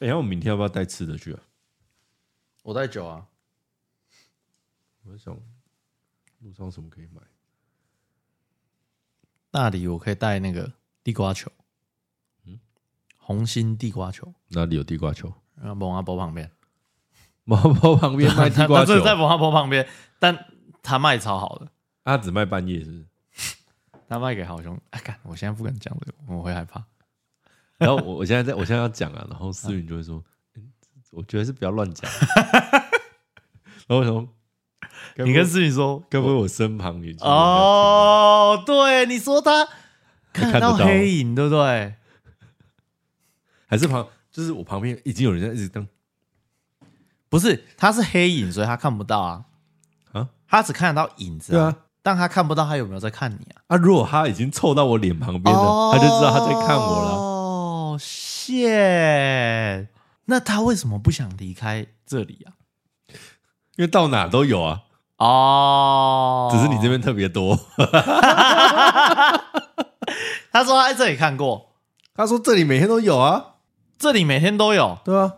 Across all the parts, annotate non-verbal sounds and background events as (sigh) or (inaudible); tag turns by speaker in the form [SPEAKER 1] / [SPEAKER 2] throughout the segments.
[SPEAKER 1] 哎、欸，我明天要不要帶吃的去啊？我帶酒啊。我在想路上什麼可以買？大理我可以帶那個地瓜球，嗯，紅心地瓜球。哪裡有地瓜球？啊，勐阿波旁邊，勐阿波旁邊賣地瓜球。 (laughs) 他他他他是不是在勐阿波旁邊，但他賣超好的。啊、他只賣半夜，是不是？ (laughs) 他賣給好兄弟，哎，我現在不敢講了、這個，我會害怕。 (laughs) 然後我我現在在，我現在要講啊，然後思雨就會說、啊欸，我覺得是不要亂講。 (laughs) 然後我說，
[SPEAKER 2] 你跟思
[SPEAKER 1] 雨說，會不會我身旁已經、哦？哦，對，你說他
[SPEAKER 2] 看到黑
[SPEAKER 1] 影，對不對，還看得到？還是旁，就是我旁邊已經有人在一直瞪。不是，他是黑影，所以他看不到啊。啊？他只看得到影子啊。對啊，但他看不到他有沒有在看你啊？啊，如果他已經湊到我臉旁邊了、哦，他就知道他在看我了。謝、oh,，那他為什麼不想離開這裡啊？因為到哪兒都有啊。哦、oh.，只是你這邊特別多。 (laughs) (laughs) 他說他在這裡看過，他說這裡每天都有啊，這裡每天都有，對啊。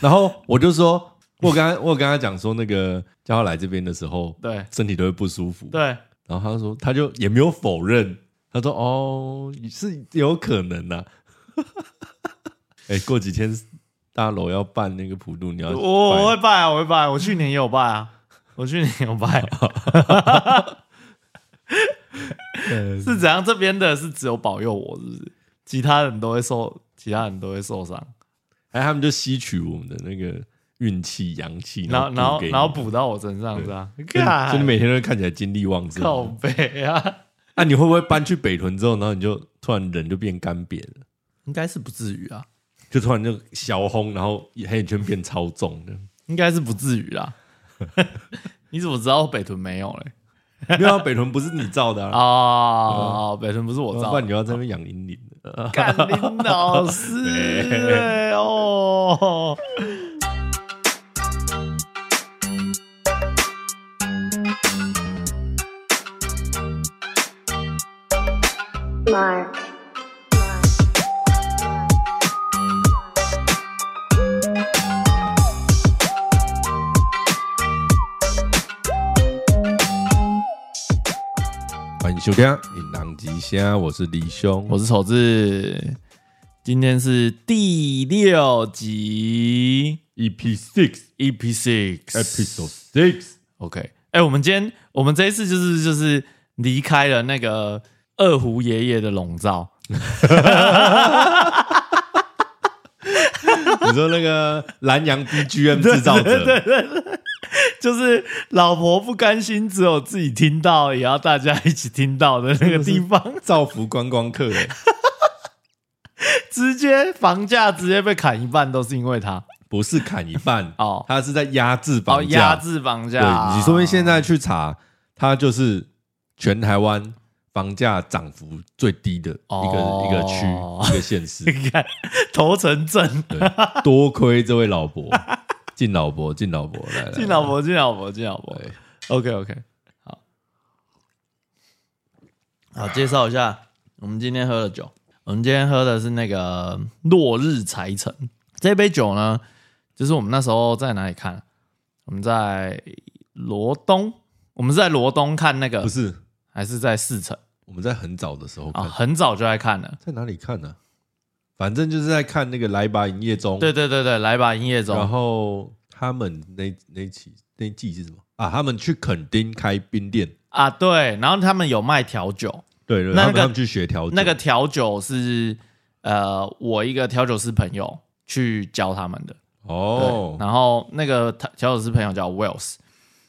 [SPEAKER 1] 然後我就說， (laughs) 我剛剛，我剛剛講說，那個叫他來這邊的時候，對身體都會不舒服。對，然後他就說，他就也沒有否認，他說哦，你是有可能的，啊。哈哈哈哈哈！哎，過幾天大樓要辦那個普渡，你要我我會辦、啊，我會辦。我去年也有辦啊，我去年也有辦啊。啊哈哈哈哈！是怎樣？這邊的是只有保佑我，是不是？其他人都會受，其他人都會受傷。哎、欸，他們就吸取我們的那個運氣、陽氣，然後給然後然後補到我身上是，是吧？所以你每天都會看起來精力旺盛。靠北啊！那、啊、你會不會搬去北屯之後，然後你就突然人就變乾癟了？應該是不至於啊，就突然就小紅，然後黑眼圈變超重的，應該是不至於啦。 (laughs) (laughs) 你怎麼知道北屯沒有嘞？因為北屯不是你造的啊、哦！嗯、北屯不是我造，的、哦。不然你要在那邊養林、哦、幹林老師，是哦。 (laughs) 酒店，你南極仙，我是李兄，我是丑志，今天是第六集，EP six，EP six，Episode six，OK，、okay. 哎、欸，我們今天，我們這一次就是就是離開了那個二胡爺爺的籠罩， (laughs) (laughs) 你說那個南陽 BGM 製造者？ (laughs) 對對對對就是老婆不甘心，只有自己聽到，也要大家一起聽到的那個地方，造福觀光客、欸。 (laughs) 直接房價直接被砍一半，都是因為他，不是砍一半哦，他是在壓制房價，壓、哦、制房價。你說明現在去查，他就是全台灣房價漲幅最低的一個、哦、一個區，哦、一個縣市。你看頭城鎮，多虧這位老婆。 (laughs) 敬老伯，敬老伯，來敬 (laughs) 老伯，敬老伯，敬老伯。OK，OK，okay, okay, 好，好，介紹一下，我們今天喝的酒，我們今天喝的是那個落日柴城這杯酒呢，就是我們那時候在哪裡看？我們在羅東，我們是在羅東看那個，不是，還是在四城？我們在很早的時候啊、哦，很早就在看了，在哪裡看呢、啊？反正就是在看那個《來吧營業中》。對對對對，《來吧營業中》。然後他們那那期那季是什麼啊？他們去墾丁開冰店啊？對。然後他們有賣調酒。對對,對。那個他們他們去學調酒，那個調酒是呃，我一個調酒師朋友去教他們的哦對。然後那個調,調酒師朋友叫 Wells。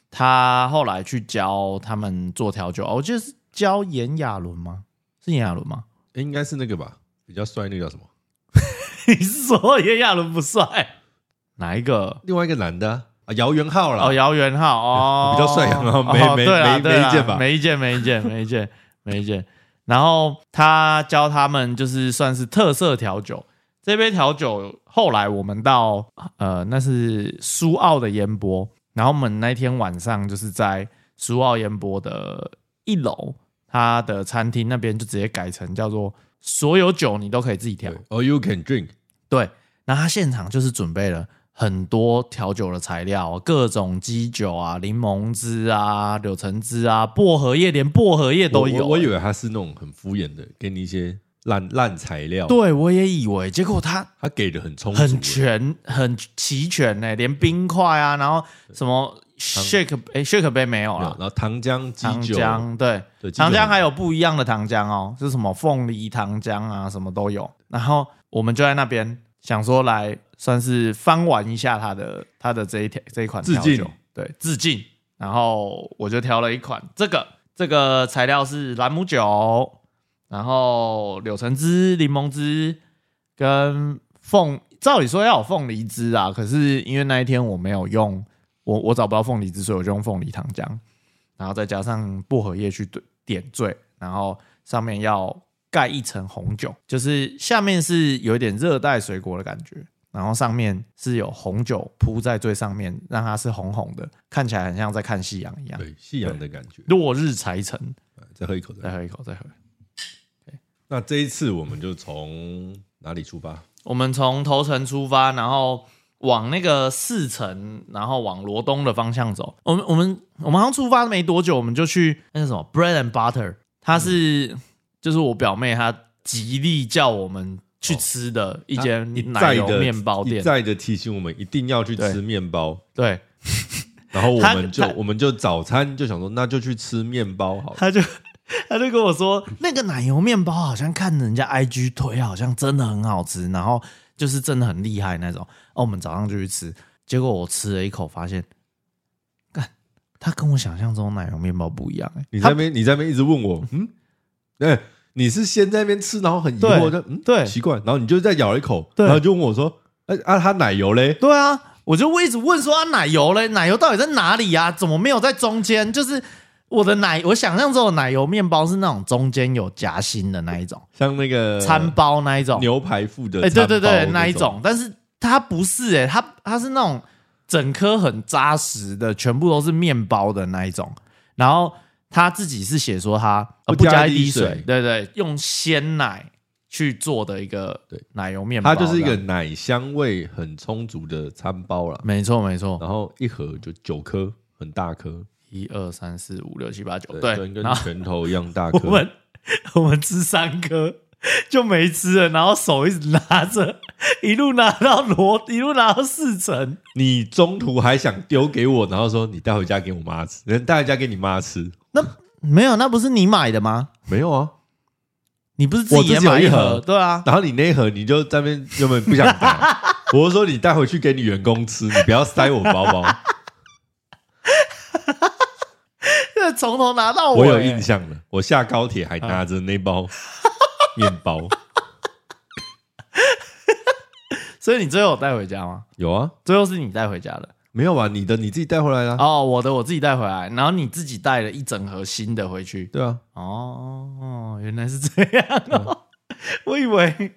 [SPEAKER 1] 他後來去教他們做調酒。哦，我記得是教炎亞綸嗎？是炎亞綸嗎？誒，應該是那個吧，比較帥那個叫什麼。 (laughs) 你是說炎亞綸不帥？哪一個？另外一個男的啊，姚元浩啦。哦，姚元浩哦，比較帥，啊，然後沒沒沒沒意見吧？沒意見，沒意見，哦啊啊，沒意見，沒意見。 (laughs) 然後他教他們就是算是特色調酒，這杯調酒後來我們到呃，那是蘇澳的煙波，然後我們那天晚上就是在蘇澳煙波的一樓，他的餐廳那邊就直接改成叫做。所有酒你都可以自己調，Oh, you can drink。對，那他現場就是準備了很多調酒的材料，各種基酒啊、檸檬汁啊、柳橙汁啊、薄荷葉，連薄荷葉都有我我。我以為他是那種很敷衍的，給你一些爛爛材料。對，我也以為，結果他他給的很充很全很齊全呢，欸，連冰塊啊，然後什麼。shake 哎、欸，shake 杯沒有了，然後糖漿、糖漿，對，糖漿還有不一樣的糖漿哦、喔，是什麼鳳梨糖漿啊，什麼都有。然後我們就在那邊想說，來算是翻玩一下它的它的這一條這一款調酒致敬，對，致敬。然後我就調了一款，這個這個材料是朗姆酒，然後柳橙汁、檸檬汁跟鳳，照理說要有鳳梨汁啊，可是因為那一天我沒有用。我我找不到鳳梨汁，所以我就用鳳梨糖漿，然後再加上薄荷葉去對點綴，然後上面要蓋一層紅酒，就是下面是有一點熱帶水果的感覺，然後上面是有紅酒鋪在最上面，讓它是紅紅的，看起來很像在看夕陽一樣，對夕陽的感覺，落日柴城。再喝一口，再喝一口，再喝。那這一次我們就從哪裡出發？ (laughs) 我們從頭城出發，然後。往那個四城，然後往羅東的方向走。我們我們我們剛出發沒多久，我們就去那個什麼 bread and butter，他是、嗯、就是我表妹她極力叫我們去吃的、哦、一間一奶油麵包店，一再，一再的提醒我們一定要去吃麵包。對，對 (laughs) 然後我們就我們就早餐就想說，那就去吃麵包好了。她就他就跟我說， (laughs) 那個奶油麵包好像看人家 IG 推，好像真的很好吃。然後。就是真的很厲害那種，哦，我們早上就去吃，結果我吃了一口，發現，幹，它跟我想象中奶油麵包不一樣、欸。你在那邊，你在那邊一直問我，嗯，哎、欸，你是先在那邊吃，然後很疑惑，就嗯，對，奇怪，然後你就再咬一口，然後就問我說，欸、啊，它奶油嘞？對啊，我就一直問說，他、啊、奶油嘞？奶油到底在哪裡啊？怎麼沒有在中間？就是。我的奶，我想象中的奶油麵包是那種中間有夾心的那一種，像那個餐包那一種，牛排附的餐包的，哎、欸，對對對，那，那一種，但是它不是，欸，誒它它是那種整顆很紮實的，全部都是麵包的那一種。然後他自己是寫說它，它不，啊，不加一滴水，對對對，用鮮奶去做的一個，對，奶油麵包，它就是一個奶香味很充足的餐包了，沒錯沒錯。然後一盒就九顆，很大顆。一二三四五六七八九，對，跟拳頭一樣大顆。我們我們吃三顆就沒吃了，然後手一直拿着，一路拿到羅，一路拿到四層。你中途還想丟給我，然後說你帶回家給我媽吃，能帶回家給你媽吃那？那沒有，那不是你買的嗎？沒有啊， (laughs) 你不是自己也買一盒，自己一盒？對啊，然後你那一盒你就在那邊根本不想打 (laughs) 我是說你帶回去給你員工吃，你不要塞我包包。 (laughs) 從頭拿到尾，欸、我有印象了。欸、我下高鐵還拿着那包麵包， (laughs) 所以你最後帶回家嗎？有啊，最後是你帶回家的、嗯。沒有啊，你的你自己帶回來的哦，我的我自己帶回來，然後你自己帶了一整盒新的回去。對啊哦哦，哦，原來是這樣的、哦嗯、我以為，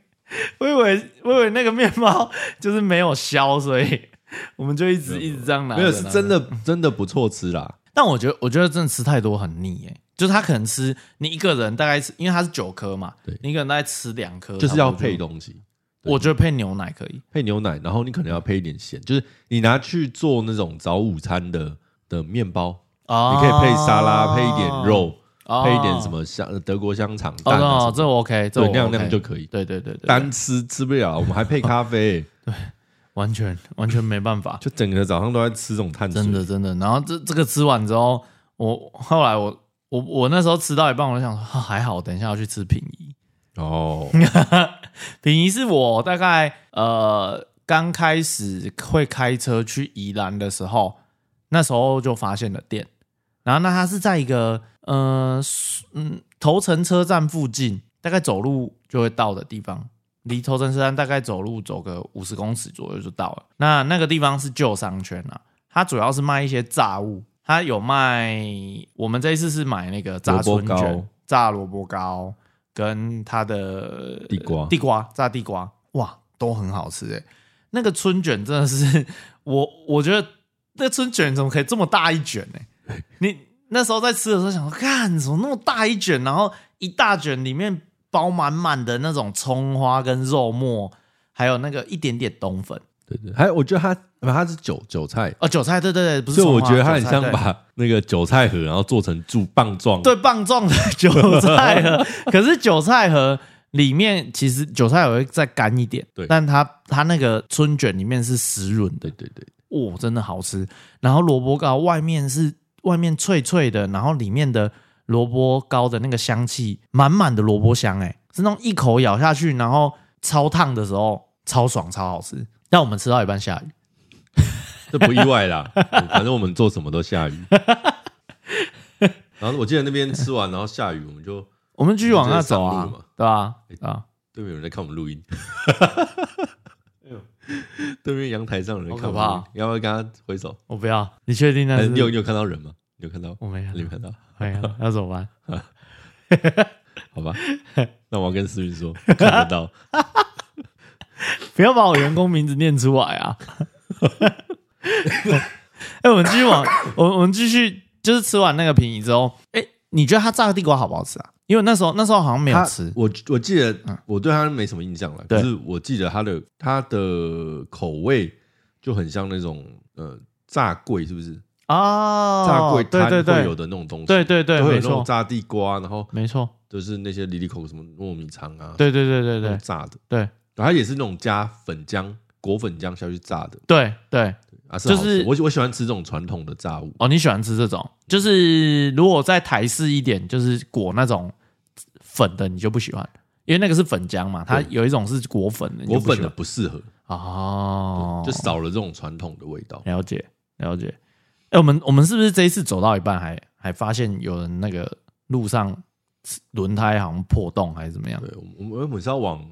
[SPEAKER 1] 我以為，我以為那個麵包就是沒有削，所以我們就一直一直這樣拿。沒有是真的，真的不錯吃啦。但我覺得，我覺得真的吃太多很膩哎、欸，就是他可能吃你一個人大概吃，因為他是九顆嘛，你可能大概吃兩顆，就是要配東西。我覺得配牛奶可以，配牛奶，然後你可能要配一點鹹，就是你拿去做那種早午餐的的麵包、哦，你可以配沙拉，配一點肉，哦、配一點什麼香德國香腸、哦，哦，這我 OK, 這我 OK，對，那樣亮、OK、就可以，對對對，對，單吃吃不了，我們還配咖啡、欸， (laughs) 對。完全完全沒辦法， (laughs) 就整個早上都在吃這種碳水，真的真的。然後這這個吃完之後，我後來我我我那時候吃到一半，我就想說，啊、還好，我等一下要去吃平移。哦，平移是我大概呃剛開始會開車去宜蘭的時候，那時候就發現了店。然後那它是在一個、呃、嗯嗯頭城車站附近，大概走路就會到的地方。離頭城山大概走路走個五十公尺左右就到了。那那個地方是舊商圈啊，它主要是賣一些炸物。它有賣，我們這一次是買那個炸春捲、蘿蔔糕、炸蘿蔔糕跟它的地瓜、地瓜炸地瓜，哇，都很好吃欸！那個春捲真的是，我我覺得那春捲怎麼可以這麼大一捲呢？ (laughs) 你那時候在吃的時候想說，看怎麼那麼大一捲，然後一大捲裡面。包滿滿的那種蔥花跟肉末，還有那個一點點冬粉。對對，對，還我覺得它它是韭韭菜哦，韭菜。對對對，不是。所以我覺得它很像把那個韭菜盒，然後做成柱棒狀，對棒狀的韭菜盒。 (laughs) 可是韭菜盒裡面其實韭菜盒會再乾一點，對。但它它那個春卷裡面是濕潤的，對對對。哇、哦，真的好吃。然後蘿蔔糕外面是外面脆脆的，然後裡面的。蘿蔔糕的那個香氣，滿滿的蘿蔔香、欸，哎，是那種一口咬下去，然後超燙的時候，超爽，超好吃。但我們吃到一半下雨，這不意外啦， (laughs) 反正我們做什麼都下雨。 (laughs) 然後我記得那邊吃完，然後下雨我，我們就我們繼續往那走啊，對吧、啊？欸、對啊，對面有人在看我們錄音，哈哈哈哈哈。對面陽台上有人看，好可怕！要不要跟他揮手？我不要。你確定？那是，還是你有你有看到人嗎？有看到？我沒看到 God,、啊。沒、啊、有，那怎麼辦？哈、啊，好吧， (laughs) 那我要跟思雲說，看得到， (laughs) (laughs) 不要把我員工名字念出來啊！ (laughs) 哎、 (laughs) 欸，我們繼續往， (coughs) 我們我們繼續，就是吃完那個移之後，哎、欸，你覺得他炸的地瓜好不好吃啊？因為那時候那時候好像沒有吃，我我記得、嗯、我對他沒什麼印象了，可是我記得他的他的口味就很像那種呃炸粿，是不是？啊、oh，炸桂，對對對，有的那種東西，對對對，對對對，有那種炸地瓜，然後沒錯，就是那些里里口什麼糯米腸啊，對對對對對，對，炸的，對，對,對，然後也是那種加粉漿裹粉漿下去炸的，對對，對,對，啊是，就是我我喜歡吃這種傳統的炸物哦，你喜歡吃這種，就是如果再台式一點，就是裹那種粉的，你就不喜歡，因為那個是粉漿嘛，它有一種是裹粉的，裹粉的不適合哦，就少了這種傳統的味道，了解了解。欸、我們我們是不是這一次走到一半還還發現有人那個路上輪胎好像破洞還是怎麼樣？對，我們我們是要往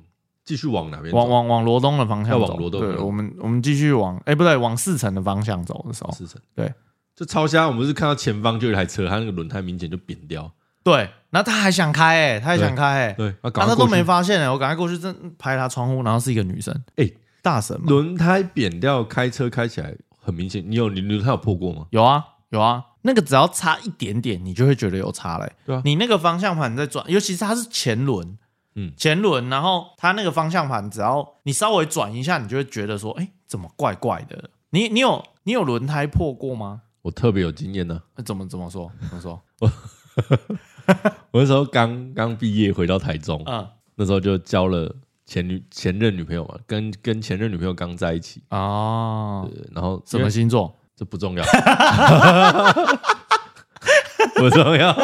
[SPEAKER 1] 繼續往哪邊？往往往羅東的方向走？走對，對，我們我們繼續往哎、欸、不對，往四城的方向走的時候。四城對，這超瞎！我們是看到前方就一台車，它那個輪胎明顯就扁掉。對，那他還想開、欸？哎，他還想開、欸？哎，對，對對啊、他那都沒發現哎、欸！我趕快過去正拍他窗戶，然後是一個女生。哎、欸，大神！輪胎扁掉，開車開起來。很明顯，你有你輪胎有破過嗎？有啊，有啊，那個只要差一點點，你就會覺得有差嘞、欸。對啊，你那個方向盤在轉，尤其是它是前輪，嗯，前輪，然後它那個方向盤，只要你稍微轉一下，你就會覺得說，哎、欸，怎麼怪怪的？你你有你有輪胎破過嗎？我特別有經驗的，那怎麼怎麼說？怎麼說？ (laughs) 我, (laughs) 我那時候剛剛畢業回到台中，啊、嗯，那時候就交了。前女前任女朋友嘛，跟跟前任女朋友剛在一起啊、哦，對，然後什麼星座？這不重要， (laughs) (laughs) 不重要， (laughs)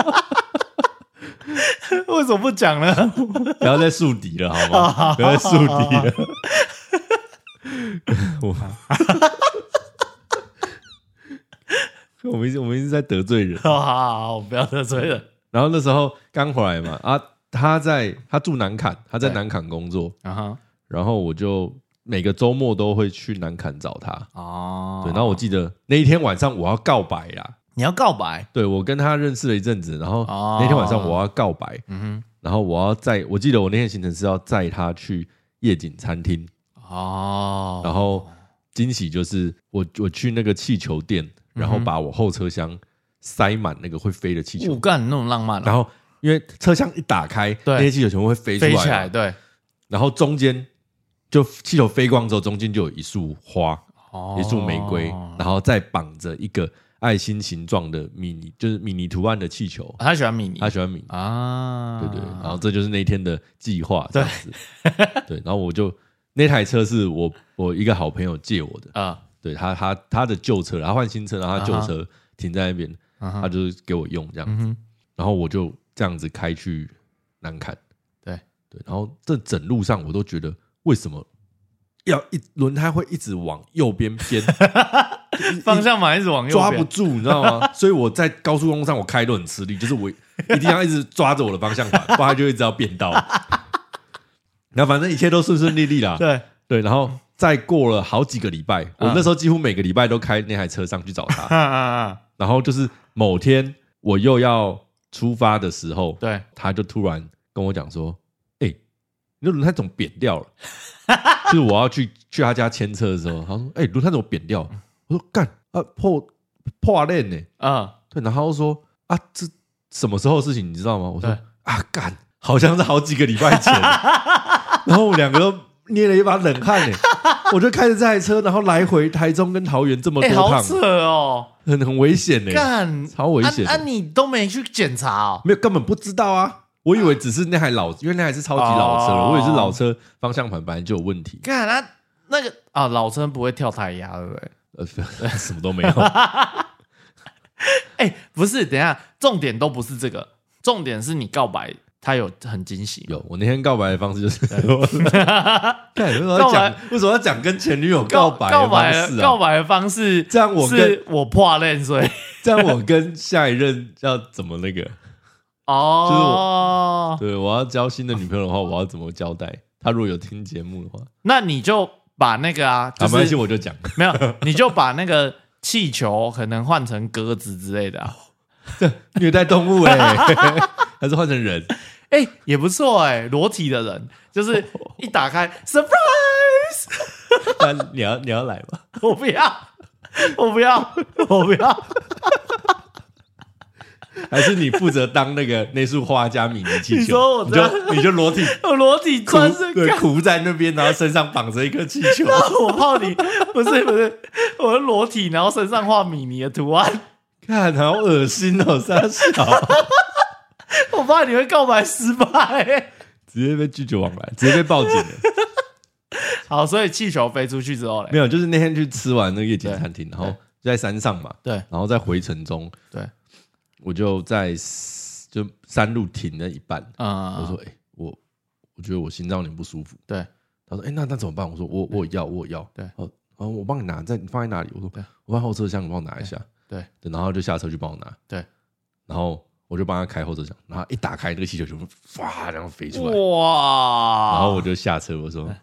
[SPEAKER 1] 為什麼不講呢？不要再樹敵了，好嗎？好好好好，不要再樹敵了。 (laughs) 我 (laughs) (laughs) 我們一直我們一直在得罪人、啊，好，好，好，好，我不要得罪人。然後那時候剛回來嘛，啊。他在他住南坎，他在南坎工作，uh-huh. 然後我就每個週末都會去南坎找他哦。Oh, 對，然後我記得那一天晚上我要告白呀。你要告白？對，我跟他認識了一陣子，然後那天晚上我要告白，嗯哼，然後我要載、嗯，我記得我那天行程是要載他去夜景餐廳哦，oh, 然後驚喜就是我我去那個氣球店，然後把我後車廂塞滿那個會飛的氣球，幹那種浪漫，然後。因為車廂一打開，對，那些氣球全部會飛出來，飛起來，對。然後中間就氣球飛光之後，中間就有一束花，oh. 一束玫瑰，然後再綁着一個愛心形狀的米妮，就是米妮圖案的氣球、啊。他喜歡米妮，他喜歡米妮啊，對,對對。然後這就是那天的計劃，這樣子。對，對 (laughs) 對然後我就那台車是我我一個好朋友借我的啊，uh. 對他他他的舊車，他換新車，然後他舊車停在那邊，uh -huh. Uh -huh. 他就是給我用這樣、uh -huh. 然後我就。這樣子開去難看，對對、對，然後這整路上我都覺得，為什麼要一輪胎會一直往右邊偏，方向盤一直往右邊抓不住，你知道嗎？所以我在高速公路上我開都很吃力，就是我一定要一直抓着我的方向盤，不然他就一直要變道。然後反正一切都順順利利啦，對對，然後再過了好幾個禮拜，我那時候幾乎每個禮拜都開那台車上去找他，然後就是某天我又要。出發的時候，對，他就突然跟我講說：“哎、欸，你的輪胎怎麼扁掉了？” (laughs) 就是我要去去他家牽車的時候，他說：“哎、欸，輪胎怎麼扁掉了？”我說：“幹啊，破破爛呢啊！”對，然後他就說：“啊，這什麼時候的事情？你知道嗎？”我說：“啊，幹，好像是好幾個禮拜前。 (laughs) ”然後我們兩個都。捏了一把冷汗、欸， (laughs) 我就開着這台車，然後來回台中跟桃園這麼多趟、欸，車哦，很很危險，哎，超危險、啊，那、啊、你都沒去檢查哦？沒有，根本不知道啊，我以為只是那台老，啊、因為那台是超級老車，哦、我以為是老車方向盤本來就有問題、啊，看那那個啊，老車不會跳胎壓，對不對？呃，什麼都沒有。 (laughs) 哎、欸，不是，等一下重點都不是這個，重點是你告白。他有很驚喜有，有我那天告白的方式就是 (laughs) (laughs) 為，為什麼要講為什麼要講跟前女友告白的方、啊、告、告白式告白的方式？這樣我跟我破爛，所以這樣我跟下一任要怎麼那個哦？ (laughs) oh, 就對，我要交新的女朋友的話，我要怎麼交代？他如果有聽節目的話，那你就把那個啊，沒關係我就講， (laughs) 沒有，你就把那個氣球可能換成鴿子之類的啊。這虐待動物哎、欸，還是換成人？哎、欸，也不錯哎、欸，裸體的人就是一打開、oh，surprise！你要你要來嗎？我不要，我不要，我不要。還是你負責當那個那束花加米妮氣球？你，你就你就裸體，我裸體穿着對，糊在那邊，然後身上綁着一個氣球。我泡你不是不是，我是裸體，然後身上畫米妮的圖案。看，好噁心哦、喔！三小， (laughs) 我怕你會告白失敗，直接被拒絕往來，直接被報警了。 (laughs) 好，所以氣球飛出去之後嘞，沒有，就是那天去吃完那個夜景餐廳，然後就在山上嘛。對，然後在回程中，對，我就在就山路停了一半啊。我說：“哎、欸，我我覺得我心臟有點不舒服。”對，他說：“哎、欸，那那怎麼辦？”我說：“我我要我要。我要”對，然後我幫你拿在你放在哪裡？我說：“我放後車廂，你幫我拿一下。”對，對，然後就下車去幫我拿。對，然後我就幫他開後車廂，然後一打開那個氣球全部發，然後飛出來，哇！然後我就下車，我說、啊：“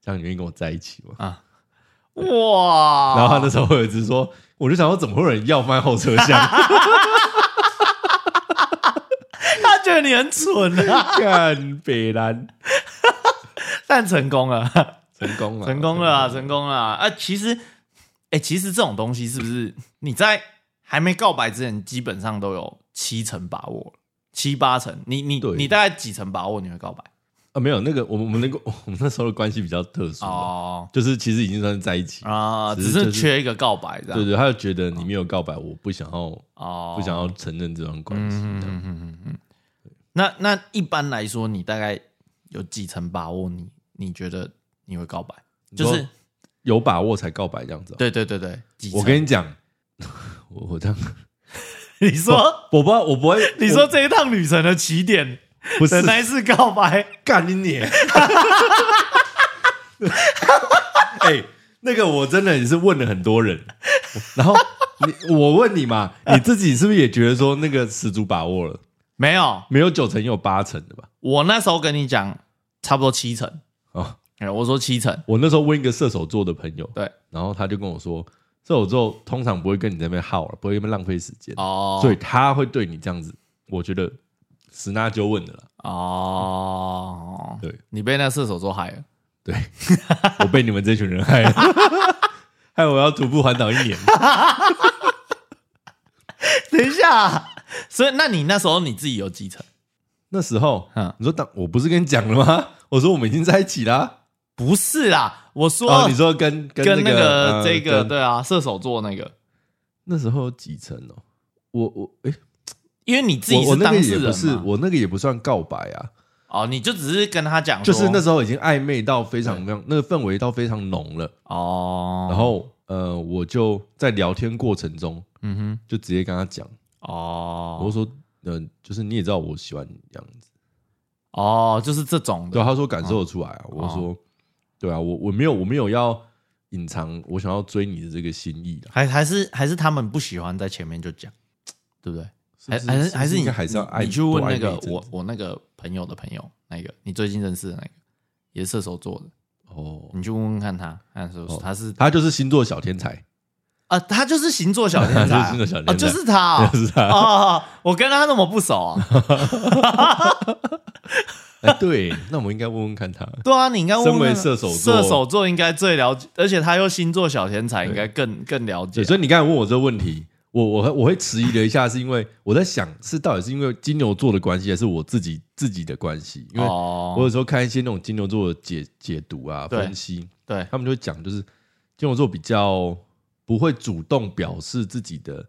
[SPEAKER 1] 這樣你願意跟我在一起嗎？”啊，哇！然後他那時候有一直說，我就想說，怎麼會有人要翻後車廂？ (laughs) (laughs) (laughs) 他覺得你很蠢啊，幹別人， (laughs) 但成功了，成功了，成功了，成功了，成功了，成功了啊！其實，哎、欸，其實這種東西是不是你在？還沒告白之前，基本上都有七成把握，七八成。你你你大概幾成把握你會告白？啊，沒有那個，我們我們那個 (laughs) 我們那時候的關係比較特殊、哦，就是其實已經算是在一起啊、呃，就是，只是缺一個告白這樣。對對，對，他就覺得你沒有告白，哦、我不想要哦，不想要承認這段關係。嗯哼嗯哼嗯，哼嗯。那那一般來說，你大概有幾成把握你？你你覺得你會告白？就是有把握才告白這樣子。對對對對，幾成我跟你講。 (laughs) 我我這樣，你說，我，我不知道我不會。你說這一趟旅程的起點，原來是告白干你！哎，那個我真的也是問了很多人，然後你我問你嘛，你自己是不是也覺得說那個十足把握了？沒有，沒有九成，有八成的吧？我那時候跟你講，差不多七成哦。我說七成，我那時候問一個射手座的朋友，對，然後他就跟我說。射手座通常不會跟你這邊耗了，不會在那邊浪費時間，oh. 所以他會對你這樣子，我覺得十拿九穩的了。哦、oh.，對你被那射手座害了，對 (laughs) 我被你們這群人害了， (laughs) (laughs) 害我要徒步環島一年。 (laughs) (laughs) 等一下、啊，所以那你那時候你自己有幾成？那時候、啊，你說，我不是跟你講了嗎？我說我們已經在一起了、啊。不是啦，我說、哦、你說跟跟、那個、跟那個這個、呃、對啊，射手座那個那時候有幾成哦、喔？我我哎、
[SPEAKER 2] 欸，因為你自己是，那個不是當事人是，
[SPEAKER 1] 我那個也不算告白啊。哦，你就只是跟他講，就是那時候已經曖昧到非常那那個氛圍到非常濃了哦。然後呃，我就在聊天過程中，嗯哼，就直接跟他講哦，我說嗯、呃，就是你也知道我喜歡你這樣子哦，就是這種的。對，他說感受得出來啊，哦、我就說。對啊，我我沒有我沒有要隱藏，我想要追你的這個心意。還還是還是他們不喜歡在前面就講，對不對？是不是還是，是，是，應還，是還是你還是要你就問那個那我我那個朋友的朋友那個你最近認識的那個也是射手座的哦，oh. 你去問問看他，看是不是他是他就是星座小天才啊，oh. 他就是星座小天才，啊、呃、就是啊 (laughs) 他就是、啊，就是他啊， (laughs) 他啊 (laughs) oh, 我跟他那麼不熟啊。 (laughs) (laughs) 哎、對，那我們應該問問看他。對啊，你應該問問他，身為射手座，射手座應該最了解，而且他又星座小天才，應該更更了解、啊。所以你剛才問我這個問題，我我我會遲疑了一下，是因為我在想是到底是因為金牛座的關係，還是我自己自己的關係？因為，我有時候看一些那種金牛座的解解讀啊分析，對，對他們就會講，就是金牛座比較不會主動表示自己的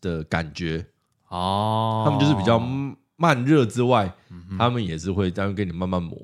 [SPEAKER 1] 的感覺哦，他們就是比較。嗯慢熱之外、嗯，他們也是會這樣跟你慢慢磨、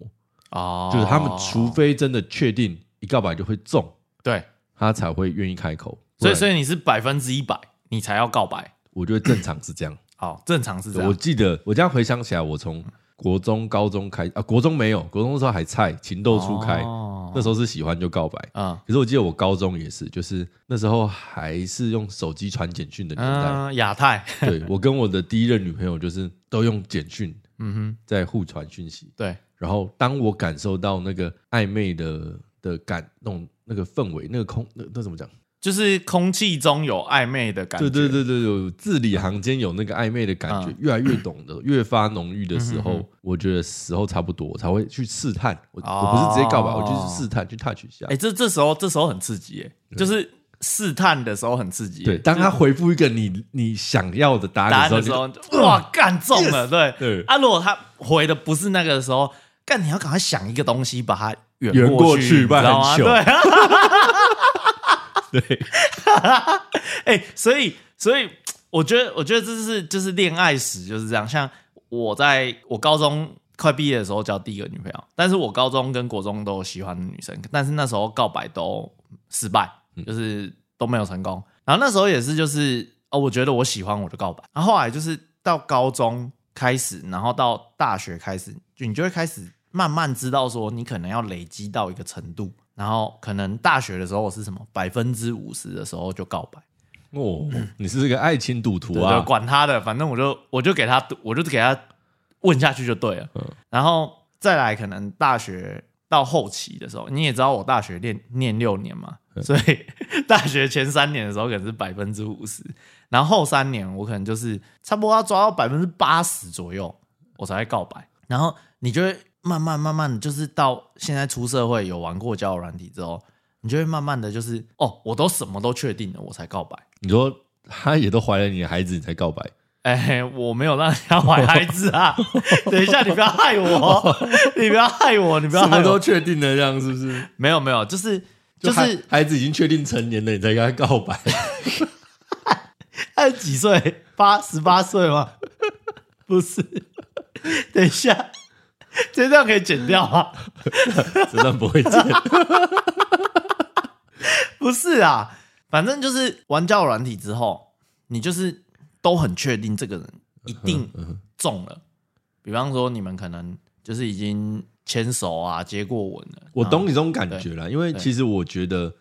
[SPEAKER 1] 哦、就是他們除非真的確定一告白就會中，對他才會願意開口。所以，所以你是百分之一百，你才要告白。我覺得正常是這樣。好、哦，正常是這樣。我記得我這樣回想起來，我從國中、高中開啊，國中沒有，國中的時候還菜，情竇初開、哦，那時候是喜歡就告白啊、嗯。可是我記得我高中也是，就是那時候還是用手機傳簡訊的年代。嗯、亞太，對我跟我的第一任女朋友就是。都用簡訊，嗯哼，在互傳訊息。對，然後當我感受到那個曖昧的的感，那種那個氛圍，那個空，那那怎麼講？就是空氣中有曖昧，昧的感覺。對對對對，字裡行間有那個曖昧的感覺，越來越懂得，越發濃郁的時候、嗯哼哼，我覺得時候差不多，我才會去試探。我、哦、我不是直接告白，我就去試探，去 touch 一下。哎、欸，這這時候這時候很刺激、欸，耶、嗯，就是。試探的時候很刺激，對。當他回復一個你你想要的答案的時候，時候哇，幹，中了，yes. 對對。啊，如果他回的不是那個的時候，幹，你要趕快想一個東西把它圓過去，圓過去知道嗎？對。對。哎 (laughs) 對、 (laughs) 欸，所以所以，所以我覺得我覺得這是就是戀愛史就是這樣。像我在我高中快畢業的時候交第一個女朋友，但是我高中跟國中都有喜歡的女生，但是那時候告白都失敗。就是都沒有成功，然後那時候也是，就是哦，我覺得我喜歡我就告白。然後後來就是到高中開始，然後到大學開始，就你就會開始慢慢知道說，你可能要累積到一個程度，然後可能大學的時候我是什麼百分之五十的時候就告白。哦，你是這個愛情賭徒啊？管他的，反正我就我就給他，我就給他問下去就對了。嗯，然後再來可能大學。到後期的時候，你也知道我大學念念六年嘛，嗯、所以大學前三年的時候可能是百分之五十，然後後三年我可能就是差不多要抓到百分之八十左右，我才會告白。然後你就會慢慢慢慢，就是到現在出社會有玩過交友軟體之後，你就會慢慢的就是哦，我都什麼都確定了，我才告白。你說他也都懷了你的孩子，你才告白？哎、欸，我沒有讓人家懷孩子啊！哦、等一下你，哦，你不要害我，你不要害我，你不要都確定了這樣是不是？沒有沒有，就是就是孩子已經確定成年了，你才跟他告白。二，就是、幾歲，八十八歲嗎？不是，等一下，這段可以剪掉嗎？這、嗯、段不會剪， (laughs) 不是啊，反正就是玩交友軟體之後，你就是。都很確定這個人一定中了，嗯嗯，比方說你們可能就是已經牽手啊，接過吻了。我懂你這種感覺啦，因為其實我覺得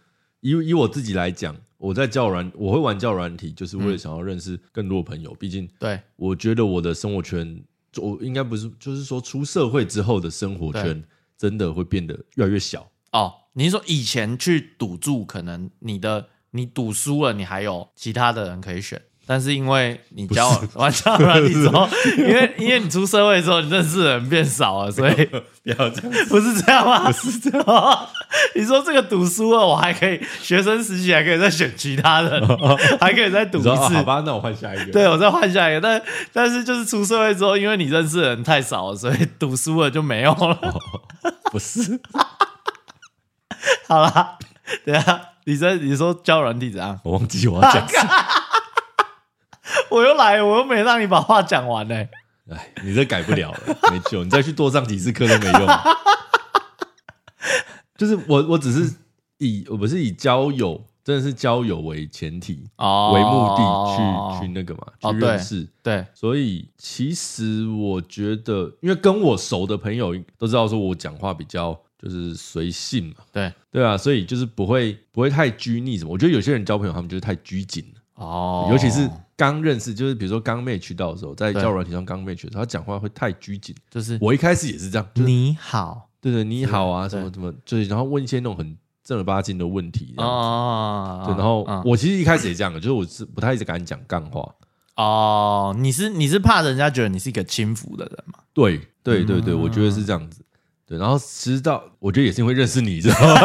[SPEAKER 1] 以，以以我自己來講，我在教軟，我會玩教軟體，就是為了想要認識更多朋友。畢、嗯、竟，對我覺得我的生活圈，我應該不是，就是說出社會之後的生活圈真越越，真的會變得越來越小。哦、oh，你是說以前去賭注，可能你的你賭輸了，你還有其他的人可以選。但是因為你教玩家軟體說，因為因為你出社會之後，你認識的人變少了，所以不要這樣，不是這樣嗎？ (laughs) 不是這樣。 (laughs) 你說這個賭輸了，我還可以學生時期還可以再選其他的，還可以再賭一次。 (laughs) 啊、好吧，那我換下一個。對，我再換下一個。但但是就是出社會之後，因為你認識的人太少了，所以賭輸了就沒有了。 (laughs) 不是。 (laughs) 好了，等下，你說你說教軟體怎樣？我忘記我要講。 (laughs) (laughs) 我又來，我又沒讓你把話講完呢、欸。哎，你這改不了了，沒救。你再去多上幾次課都沒用。 (laughs) 就是我，我只是以我不是以交友，真的是交友為前提、哦、為目的去去那個嘛，去認識、哦對。對，所以其實我覺得，因為跟我熟的朋友都知道，說我講話比較就是隨性嘛。對，對啊，所以就是不會不會太拘泥什麼。我覺得有些人交朋友，他們就是太拘謹。哦、oh,，尤其是剛認識，就是比如說剛 match 到的時候，在交友軟件上剛 match 的時候，他講話會太拘謹。就是我一開始也是這樣，就是、你好，對，對對，你好啊，什麼什麼，就是然後問一些那種很正兒八經的問題 oh, oh, oh, oh, oh, 對然後 oh, oh. 我其實一開始也這樣，就是我是不太一直跟你講尬話。哦、oh,，你是你是怕人家覺得你是一個輕浮的人嗎？對對對對，mm -hmm. 我覺得是這樣子。對，然後知道，我覺得也是因為認識你，知道嗎？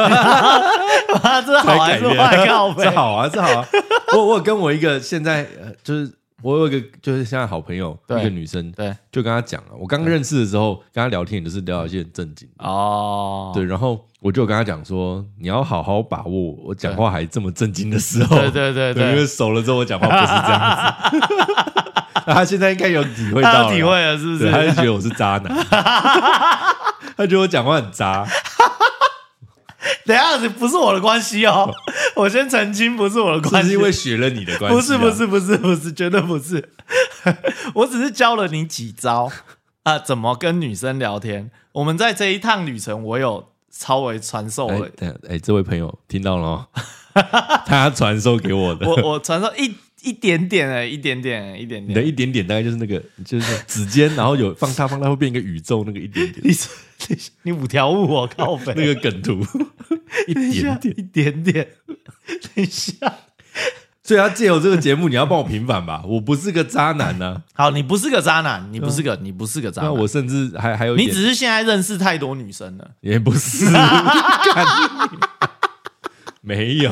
[SPEAKER 1] (laughs) 這好啊，這好啊，這好啊。我我跟我一個現在就是我有一個就是現在好朋友，一個女生，對，就跟她講了。我剛認識的時候跟她聊天，也就是聊一些很正經的哦。對，然後我就跟她講說，你要好好把握我講話還這麼正經的時候。對對對、對、對、對、對，因為熟了之後，我講話不是這樣子。 (laughs) (laughs) 他現在應該有體會到了，有體會了是不是對？他就覺得我是渣男。 (laughs) 他覺得我講話很渣，哈哈哈。等下子不是我的關係哦，我先澄清，不是我的關係，哦， (laughs) 是，關是，是因為學了你的關係， (laughs) 不是不是不是不是，絕對不是， (laughs) 我只是教了你幾招啊，怎麼跟女生聊天？我們在這一趟旅程，我有稍微傳授了。哎、欸欸，這位朋友聽到了嗎？他傳授給我的， (laughs) 我我傳授一。一點點哎，一點點，一點點。你的一點點大概就是那個，就是指尖，然後有放大，放大會變一個宇宙， (laughs) 那個一點點。你你五條悟我靠！ (laughs) 那個梗圖， (laughs) 一點點，一點點。等一下，所以要借由這個節目，你要幫我平反吧？我不是個渣男呢、啊。好，你不是個渣男，你不是個，你不是個，你不是個渣男。那我甚至還還有一點，你只是現在認識太多女生了，也不是， (laughs) (laughs) (laughs) 沒有。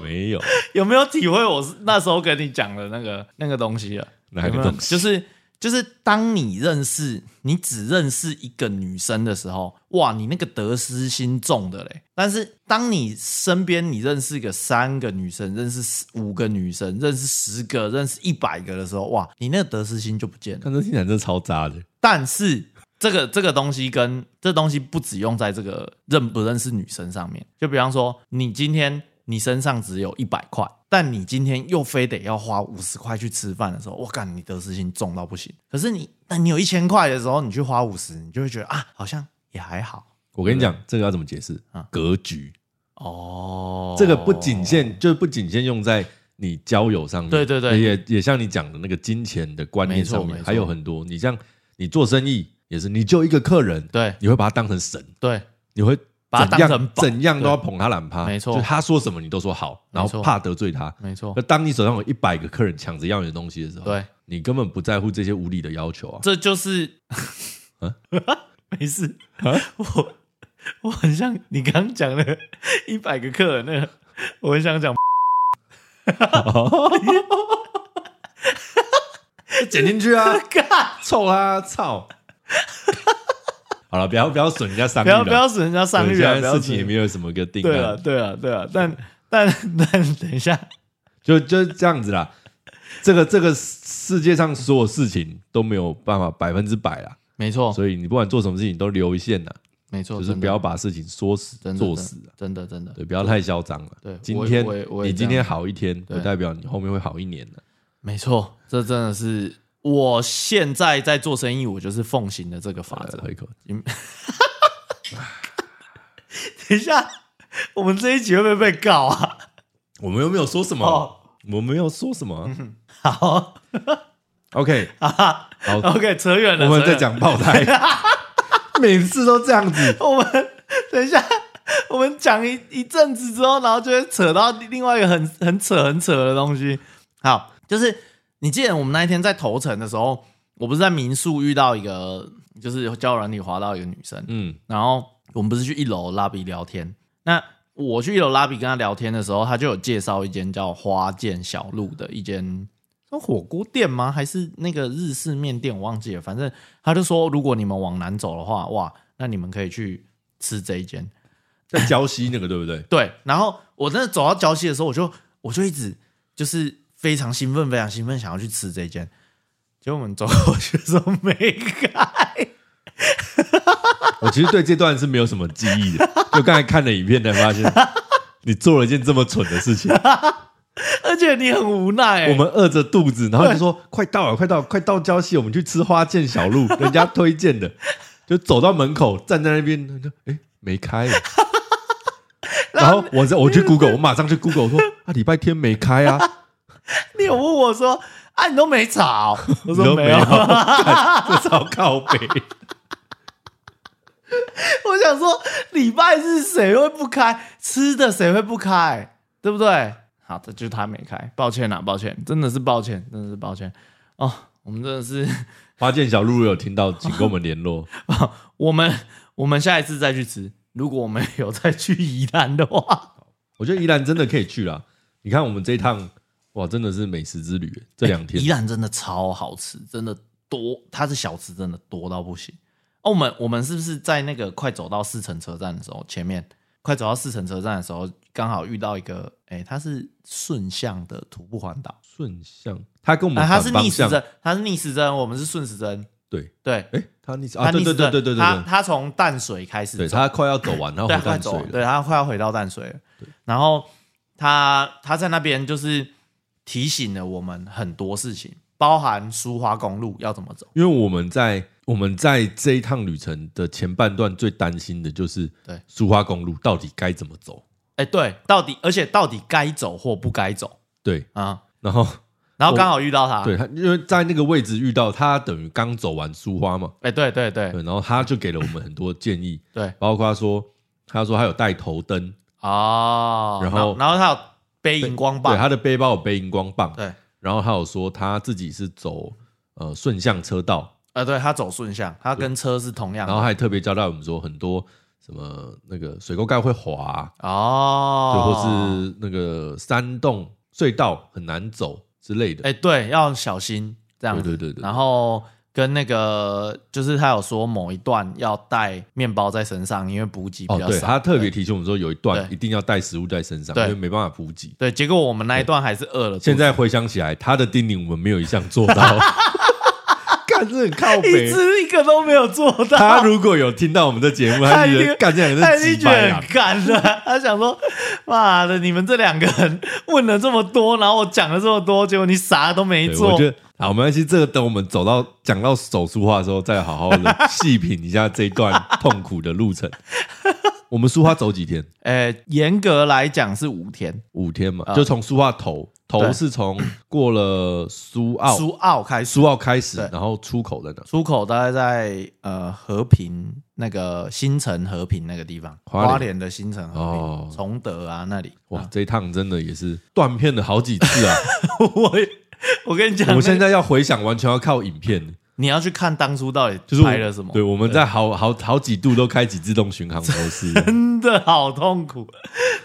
[SPEAKER 1] 沒有 (laughs) 有沒有體會我那時候跟你講的那個那個東西啊？來，就是就是，當你認識你只認識一個女生的時候，哇，你那個得失心重的嘞。但是當你身邊你認識一個三個女生，認識五個女生，認識十個，認識一百個的時候，哇，你那個得失心就不見了。但是聽起來真的超渣的。但是這個這個東西跟這個、東西不只用在這個認不認識女生上面，就比方說你今天，你身上只有一百塊，但你今天又非得要花五十塊去吃飯的時候，我感你得失心重到不行。可是你，但你有一千塊的時候，你去花五十，你就會覺得啊，好像也還好。我跟你講，這個要怎麼解釋啊、嗯？格局哦、oh，這個不僅限，就不僅限用在你交友上面，對對對，也也像你講的那個金錢的觀念上面，還有很多。你像你做生意也是，你就一個客人，對，你會把他當成神，對，你會。把他怎樣怎樣都要捧他懶趴，沒錯，就他說什麼你都說好，然後怕得罪他，沒錯。當你手上有一百個客人搶着要你的東西的時候，對，你根本不在乎這些無理的要求啊！這就是，沒事我我很像你剛剛講的一百個客人、那個，那我很想講、哦，哈 (laughs) (laughs) (laughs) 剪進去啊，God 啊，臭啊，操！好了，不要不要損人家商譽，不要不要損人家商譽，因為事情也沒有什麼個定不要損對、啊。對啊對啊對啊，對啊對但但但等一下就、就就這樣子啦。 (laughs) 這個這個世界上所有事情都沒有辦法百分之百啦。沒錯。所以你不管做什麼事情都留一線的。沒錯。就是不要把事情說死、做死啦。真的真的，真的。對，不要太囂張了。對。今天你今天好一天，不代表你後面會好一年的。沒錯，這真的是。我現在在做生意，我就是奉行的這個法則。對對對 (laughs) 等一下，我們這一集會不會被告啊？我們又沒有說什麼，哦、我們沒有說什麼。嗯、好，OK、啊、好、okay，扯遠了，我們在講爆胎， (laughs) 每次都這樣子。我們等一下，我們講一一陣子之後，然後就會扯到另外一個很很扯、很扯的東西。好，就是。你記得我們那一天在頭城的時候，我不是在民宿遇到一個，就是交友軟體滑到一個女生，嗯，然後我們不是去一樓 lobby 聊天。那我去一樓 lobby 跟她聊天的時候，她就有介紹一間叫花見小路的一間，是火鍋店嗎？還是那個日式麵店？我忘記了。反正她就說，如果你們往南走的話，哇，那你們可以去吃這一間，在礁溪那個，對不對？ (laughs) 對。然後我那走到礁溪的時候，我就我就一直就是。非常興奮，非常興奮，想要去吃這一間。結果我們走過去的時候，沒開。 (laughs) 我其實對這段是沒有什麼記憶的，就剛才看了影片才發現，你做了一件這麼蠢的事情， (laughs) 而且你很無奈、欸。我們餓着肚子，然後就說快到了，快到，快到郊西，我們去吃花見小路，人家推薦的。就走到門口，站在那邊，哎，沒開。然後我我去 Google，我馬上去 Google，我說啊，禮拜天沒開啊。你有問我說啊，你都沒找。我說沒有，沒炒我找 (laughs) 靠北。 (laughs) 我想說禮拜日誰會不開吃的，誰會不開，對不對？好的，就他沒開，抱歉啦，抱歉，真的是抱歉，真的是抱歉。哦，我們真的是花見小鹿有聽到， (laughs) 請跟我們聯絡，哦。我們我們下一次再去吃，如果我們有再去宜蘭的話，我覺得宜蘭真的可以去了。 (laughs) 你看我們這一趟。哇，真的是美食之旅！這兩天宜蘭、欸、真的超好吃，真的多，它是小吃真的多到不行。哦、啊，我們我們是不是在那個快走到四城車站的時候，前面快走到四城車站的時候，剛好遇到一個，哎、欸，它是順向的徒步環島，順向，它跟我們他是逆時針，它是逆時針，我們是順時針，對對，哎、欸，它逆時啊，對對對對對，對它，它他從淡水開始，對，它快要走完，然後回淡水，對快走完，對，它快要回到淡水，然後他他在那邊就是。提醒了我們很多事情，包含蘇花公路要怎麼走。因為我們在我們在這一趟旅程的前半段最擔心的就是，對蘇花公路到底該怎麼走？哎、欸，對，到底，而且到底該走或不該走？對啊，然後，
[SPEAKER 2] 然後剛好遇到他，對他，
[SPEAKER 1] 因為在那個位置遇到他，等於剛走完蘇花嘛。哎、欸，對對對，對，然後他就給了我們很多建議， (coughs) 對，包括他說，他說他有帶頭燈哦，然後，然後，然後他有。背熒光棒對，對他的背包有背熒光棒，對，然後還有說他自己是走呃順向車道，呃，對他走順向，他跟車是同樣，然後還特別交代我們說很多什麼那個水溝蓋會滑哦，對，或是那個山洞隧道很難走之類的，哎、欸，對，要小心這樣，對對對，對，然後。跟那個，就是他有說某一段要帶面包在身上，因為補給比較少。哦、對對他特別提醒我們說，有一段一定要帶食物在身上，所以沒辦法補給。對，結果我們那一段還是餓了。現在回想起來，他的叮嚀我們沒有一項做到， (laughs) (laughs) 很靠北一,一個都沒有做到。他如果有聽到我們的節目，他覺得感覺很感的。他想說：“媽 (laughs) 的，你們這兩個人問了這麼多，然後我講了這麼多，結果你啥都沒做。”好，沒關係，這個等我們走到講到走蘇花的時候，再好好的細品一下這一段痛苦的路程。 (laughs) 我們蘇花走幾天？誒、欸，嚴格來講是五天，五天嘛，就從蘇花頭、嗯、頭是從過了蘇澳，蘇澳開始，蘇澳，蘇澳開始，然後出口在哪？出口大概在呃和平那個新城和平那個地方，花蓮的新城和平，崇、哦、德啊那裡。哇、啊，這一趟真的也是斷片了好幾次啊， (laughs) 我也。我跟你講，我現在要回想，完全要靠影片、那個。你要去看當初到底拍了什麼？就是、對，對，我們在好好好幾度都開啟自動巡航模式，真的好痛苦，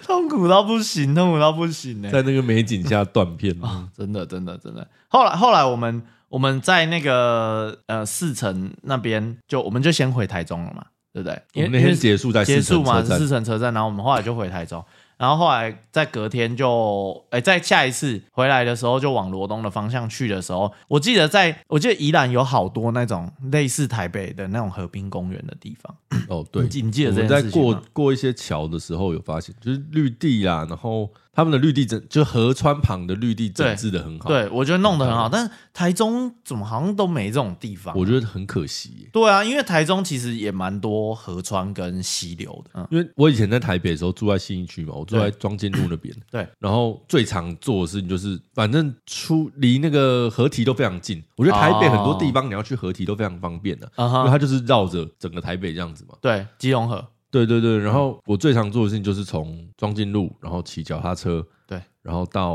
[SPEAKER 1] 痛苦到不行，痛苦到不行，欸、在那個美景下斷片，哦、真的，真的，真的。後來，後來我們我們在那個呃四城那邊，就我們就先回台中了嘛，對不對？我們那天結束在四城車站結束嘛，四城車站，然後我們後來就回台中。然後後來在隔天就，哎，在下一次回來的時候，就往羅東的方向去的時候，我記得在我記得宜蘭有好多那種類似台北的那種河濱公園的地方。哦，對，你記得。我在過過一些橋的時候有發現，就是綠地啊，然後。他們的綠地整就河川旁的綠地整治得很好，對,對我覺得弄得很好，嗯、但是台中怎麼好像都沒這種地方、啊，我覺得很可惜、欸。對啊，因為台中其實也蠻多河川跟溪流的、嗯，因為我以前在台北的時候住在信義區嘛，我住在莊敬路那邊，對，然後最常做的事情就是反正出離那個河堤都非常近，我覺得台北很多地方你要去河堤都非常方便的、啊哦，因為它就是繞着整個台北這樣子嘛，對，基隆河。對對對，然後我最常做的事情就是從莊敬路，然後騎腳踏車，對，然後到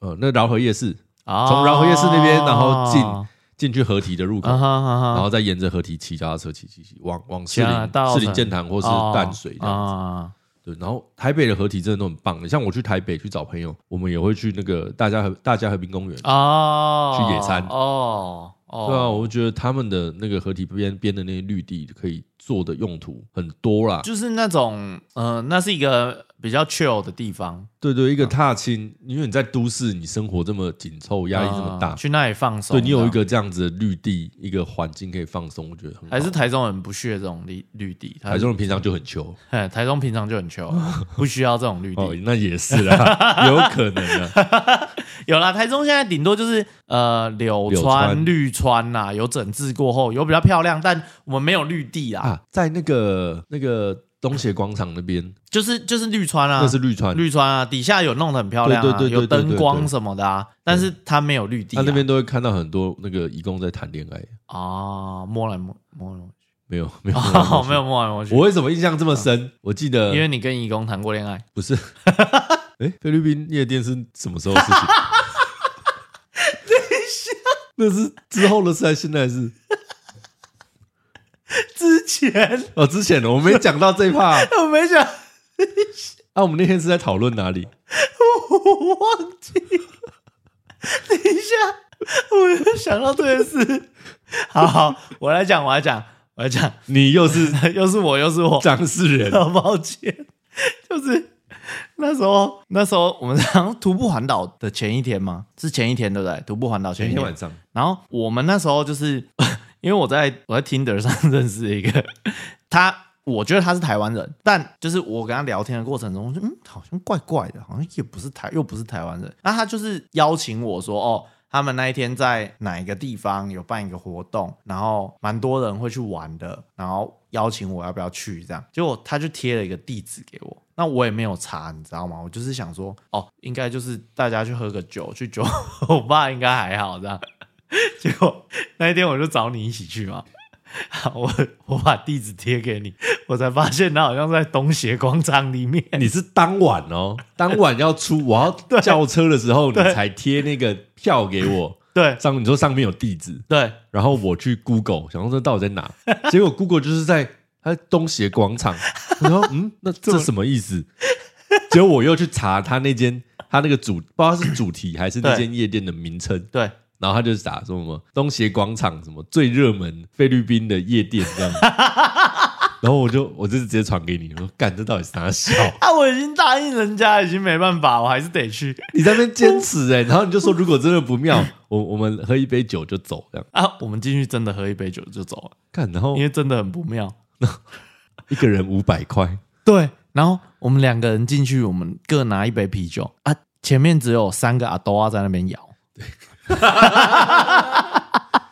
[SPEAKER 1] 呃那饒河夜市，oh, 從饒河夜市那邊，然後進、oh. 進去河堤的入口，uh -huh, uh -huh. 然後再沿着河堤騎腳踏車騎騎騎，往往士林 yeah, 士林劍潭或是淡水這樣子，oh. Oh. 對，然後台北的河堤真的都很棒，像我去台北去找朋友，我們也會去那個大佳河、大佳河濱公園啊，oh. 去野餐哦。Oh. Oh. Oh、對啊，我覺得他們的那個河堤邊邊的那些綠地可以做的用途很多啦，就是那種，嗯、呃，那是一個比較 chill 的地方，對對，一個踏青、嗯，因為你在都市，你生活這麼緊湊，壓力這麼大，嗯、去那裡放鬆對，對你有一個這樣子的綠地、嗯，一個環境可以放鬆，我覺得還是台中人不屑這種綠綠地台。台中人平常就很 chill、嗯，台中平常就很 chill， (laughs) 不需要這種綠地、哦，那也是啦，有可能啊， (laughs) 有啦，台中現在頂多就是呃柳川，柳川、綠川啦、啊，有整治過後有比較漂亮，但我們沒有綠地啊，啊在那個那個。東協廣場那邊就是就是綠川啊，那是綠川，綠川啊，底下有弄得很漂亮啊，有燈光什麼的啊，但是它沒有綠地、啊，它那邊都會看到很多那個移工在談戀愛哦、啊，摸來摸摸來摸去，沒有沒有摸摸、哦、沒有摸來摸去，我為什麼印象這麼深？啊、我記得，因為你跟移工談過戀愛，不是？哎、 (laughs) 欸，菲律賓夜店是什麼時候事情？ (laughs) (laughs) 等一下，那是之後的事，現在是？之前哦，之前的我沒講到這一 part、啊、 (laughs) 我沒講。啊，我們那天是在討論哪裡？我，我忘記了。等一下，我又想到這件事。好好，我來講，我來講，我來講。你又是又是我又是我講的是人，好抱歉。就是那時候，那時候我們剛徒步環島的前一天嘛？是前一天，對不對？徒步環島前一天，前天晚上，然後我們那時候就是。因為我在我在 Tinder 上認識一個他，我覺得他是台灣人，但就是我跟他聊天的過程中，我嗯好像怪怪的，好像也不是台又不是台灣人。那他就是邀請我說，哦，他們那一天在哪一個地方有辦一個活動，然後蠻多人會去玩的，然後邀請我要不要去這樣。結果他就貼了一個地址給我，那我也沒有查，你知道嗎？我就是想說，哦，應該就是大家去喝個酒，去酒我爸應該還好這樣。結果那一天我就找你一起去嘛，好，我我把地址貼給你，我才發現他好像在東協廣場裡面。你是當晚哦，當晚要出我要叫車的時候，你才貼那個票給我。對，上你說上面有地址，對，然後我去 Google 想說到底在哪，結果 Google 就是在它在東協廣場。我 (laughs) 說嗯，那這什麼意思？ (laughs) 結果我又去查他那間他那個主，不知道是主題還是那間夜店的名稱，對。對然後他就打說什麼東協廣場什麼最熱門菲律賓的夜店這樣，然後我就我就直接傳給你說幹，幹這到底是三小？啊，我已經答應人家，已經沒辦法，我還是得去。你在那邊堅持哎、欸， (laughs) 然後你就說如果真的不妙， (laughs) 我我們喝一杯酒就走這樣啊。我們進去真的喝一杯酒就走了。幹，然後因為真的很不妙，一個人五百塊。 (laughs) 對，然後我們兩個人進去，我們各拿一杯啤酒啊。前面只有三個阿兜仔在那邊搖。對哈哈哈哈哈！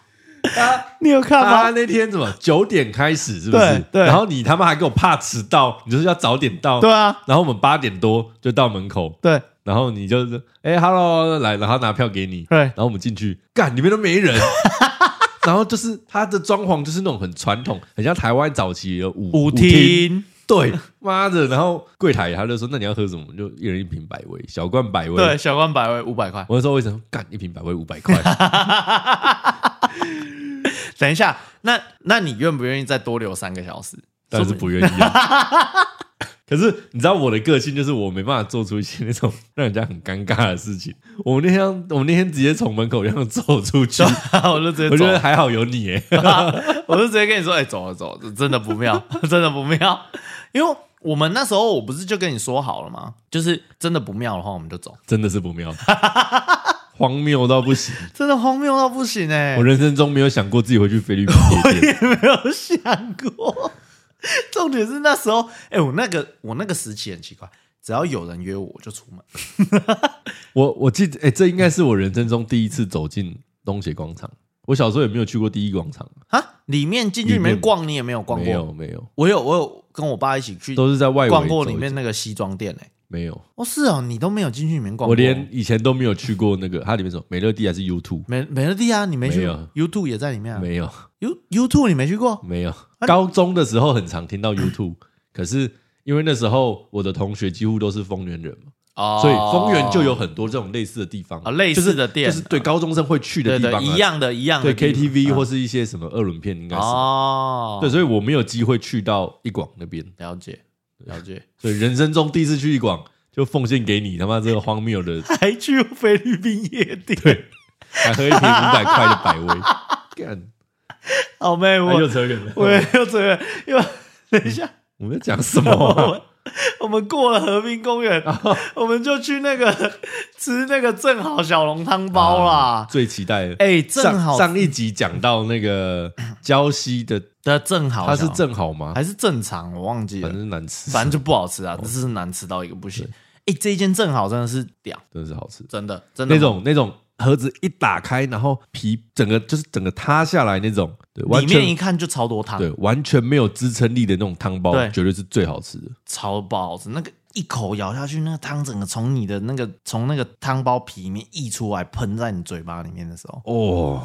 [SPEAKER 1] 啊，你有看嗎？啊、那天怎麼九點開始？是不是？對。對然後你他媽還給我怕遲到，你就是要早點到。對啊。然後我們八點多就到門口。對。然後你就，哎 hello 來，然後拿票給你。對。然後我們進去，幹，裡面都沒人。 (laughs) 然後就是他的裝潢，就是那種很傳統，很像台灣早期的舞廳。舞廳舞廳對，媽的！然後櫃檯他就說：“那你要喝什麼？就一人一瓶百威，小罐百威。”對，小罐百威五百塊。我那時候我就說為什麼幹一瓶百威五百塊。 (laughs) 等一下，那那你願不願意再多留三個小時？但是不願意啊。 (laughs) 可是你知道我的個性，就是我沒辦法做出一些那種讓人家很尷尬的事情。我們那天，我那天直接從門口這樣走出去， (laughs) 我就直接。我覺得還好有你、欸， (laughs) 我就直接跟你說：“哎、欸，走了、啊，走了，真的不妙，真的不妙。”因為我們那時候我不是就跟你說好了嗎？就是真的不妙的話，我們就走。真的是不妙，荒謬到不行， (laughs) 真的荒謬到不行哎、欸！我人生中沒有想過自己會去菲律賓，我也沒有想過。重點是那時候，哎、欸，我那個我那個時期很奇怪，只要有人約我，我就出門。 (laughs) 我我記得，哎、欸，這應該是我人生中第一次走進東協廣場。我小時候也沒有去過第一廣場哈，裡面進去裡面逛。裡面你也沒有逛過？沒有沒有。我有我有跟我爸一起去，都是在外逛過裡面那個西裝店。哎、欸，沒有哦，是哦、喔，你都沒有進去裡面逛過？我連以前都沒有去過那個它裡面什麼美樂蒂還是 YouTube 美樂蒂啊，你沒去，U YouTube 也在裡面，啊，沒有 YouTube 你沒去過？沒有。高中的時候很常聽到 YouTube， (coughs) 可是因為那時候我的同學幾乎都是豐原人嘛、哦，所以豐原就有很多這種類似的地方啊，類似的店、就是，就是對高中生會去的地方、啊啊對對對，一樣的，一樣的對 KTV 或是一些什麼二輪片應該，應該是對，所以我沒有機會去到一廣那邊，了解了解，所以 (coughs) 人生中第一次去一廣就奉獻給你他媽這個荒謬的，還去菲律賓夜店，對，還喝一瓶五百塊的百威，幹。 (laughs) 好、oh, 妹，我、哎、又扯遠了，我又扯因為，又等一下，
[SPEAKER 2] 嗯、我們在講什麼、啊 (laughs) 我？
[SPEAKER 1] 我們過了和平公園， (laughs) 我們就去那個吃那個正好小籠湯包啦、啊。最期待的。哎、欸，正好上，上一集講到那個礁溪的它、嗯、正好，它是正好嗎？還是正常？我忘記了，反正是難吃，反正就不好吃啊、哦，但是難吃到一個不行。哎、欸，這一間正好真的是屌，真的是好吃，真的真的那種那種。那種盒子一打開，然後皮整個就是整個塌下來那種，裡面一看就超多湯，對，完全沒有支撐力的那種湯包，絕對是最好吃的，超不好吃。那個一口咬下去，那個湯整個從你的那個從那個湯包皮裡面溢出來，噴在你嘴巴裡面的時候，哦，啊、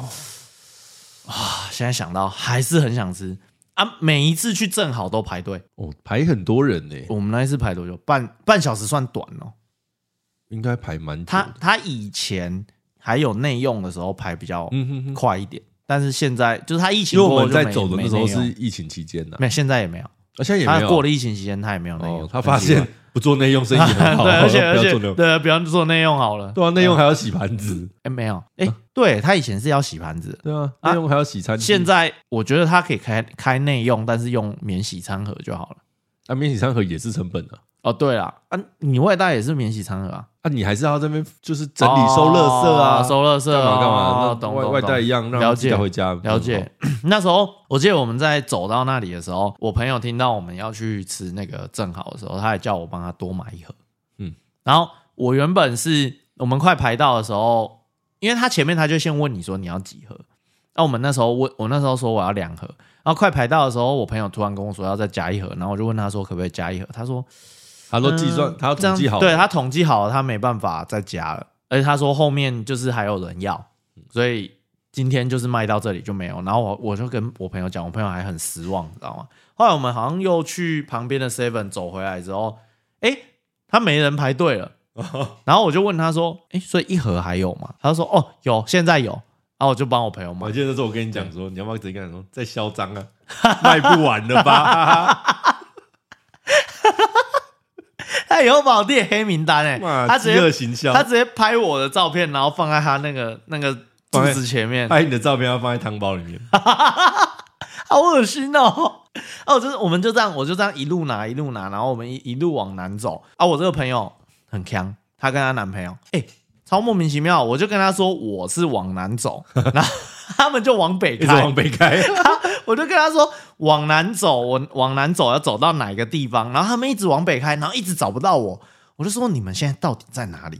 [SPEAKER 1] 哦！現在想到還是很想吃啊！每一次去正好都排隊，哦，排很多人呢、欸。我們那一次排多久？半半小時算短哦，應該排蠻。他他以前。還有內用的時候排比較快一點，嗯、哼哼，但是現在就是他疫情就，因為我們在走的那時候是疫情期間的、啊，沒有，現在也沒有，現在也沒有、啊、他過了疫情期間他也沒有內用、哦，他發現不做內用生意好， (laughs) 對、啊不要做內用。而且而且對，比方做內用好了，對啊，內用、啊、用還要洗盤子，哎、欸、沒有，哎、欸啊，對他以前是要洗盤子，對啊，內用還要洗餐具、啊，現在我覺得他可以開開內用，但是用免洗餐盒就好了，那、啊、免洗餐盒也是成本呢、啊。哦，對了，啊，你外帶也是免洗餐盒啊？啊，你還是要這邊就是整理收垃圾啊，哦、收垃圾幹嘛幹嘛？哦、外外帶一樣，讓他們帶回家，了解。了解 (coughs) 那時候我記得我們在走到那裡的時候，我朋友聽到我們要去吃那個正好的時候，他也叫我幫他多買一盒。嗯，然後我原本是我們快排到的時候，因為他前面他就先問你說你要幾盒，那、啊、我們那時候我我那時候說我要兩盒，然後快排到的時候，我朋友突然跟我說要再加一盒，然後我就問他說可不可以加一盒，他說。他說計算，嗯，他要統計這樣記好。對，他統計好了，他沒辦法再加了。而且他說後面就是還有人要，所以今天就是賣到這裡就沒有。然後我我就跟我朋友講，我朋友還很失望，你知道嗎？後來我們好像又去旁邊的 seven 走回來之後，哎，他沒人排隊了。然後我就問他說：“哎，所以一盒還有嗎？”他說：“哦，有，現在有。”然後我就幫我朋友賣。我記得那時候我跟你講說，你要不要直接跟他說再囂張啊， (laughs) 賣不完了吧？ (laughs) (laughs) 他以後把我列黑名單哎，他直接他直接拍我的照片，然後放在他那個那個桌子前面。拍你的照片要放在湯包裡面， (laughs) 好噁心哦！哦，就是我們就這樣，我就這樣一路拿一路拿，然後我們一一路往南走啊。我這個朋友很鏘，她跟她男朋友哎、欸，超莫名其妙。我就跟他說我是往南走，然後。 (laughs) 他們就往北開，往北開， (laughs) 我就跟他說往南走，我往南走要走到哪一個地方？然後他們一直往北開，然後一直找不到我。我就說你們現在到底在哪裡？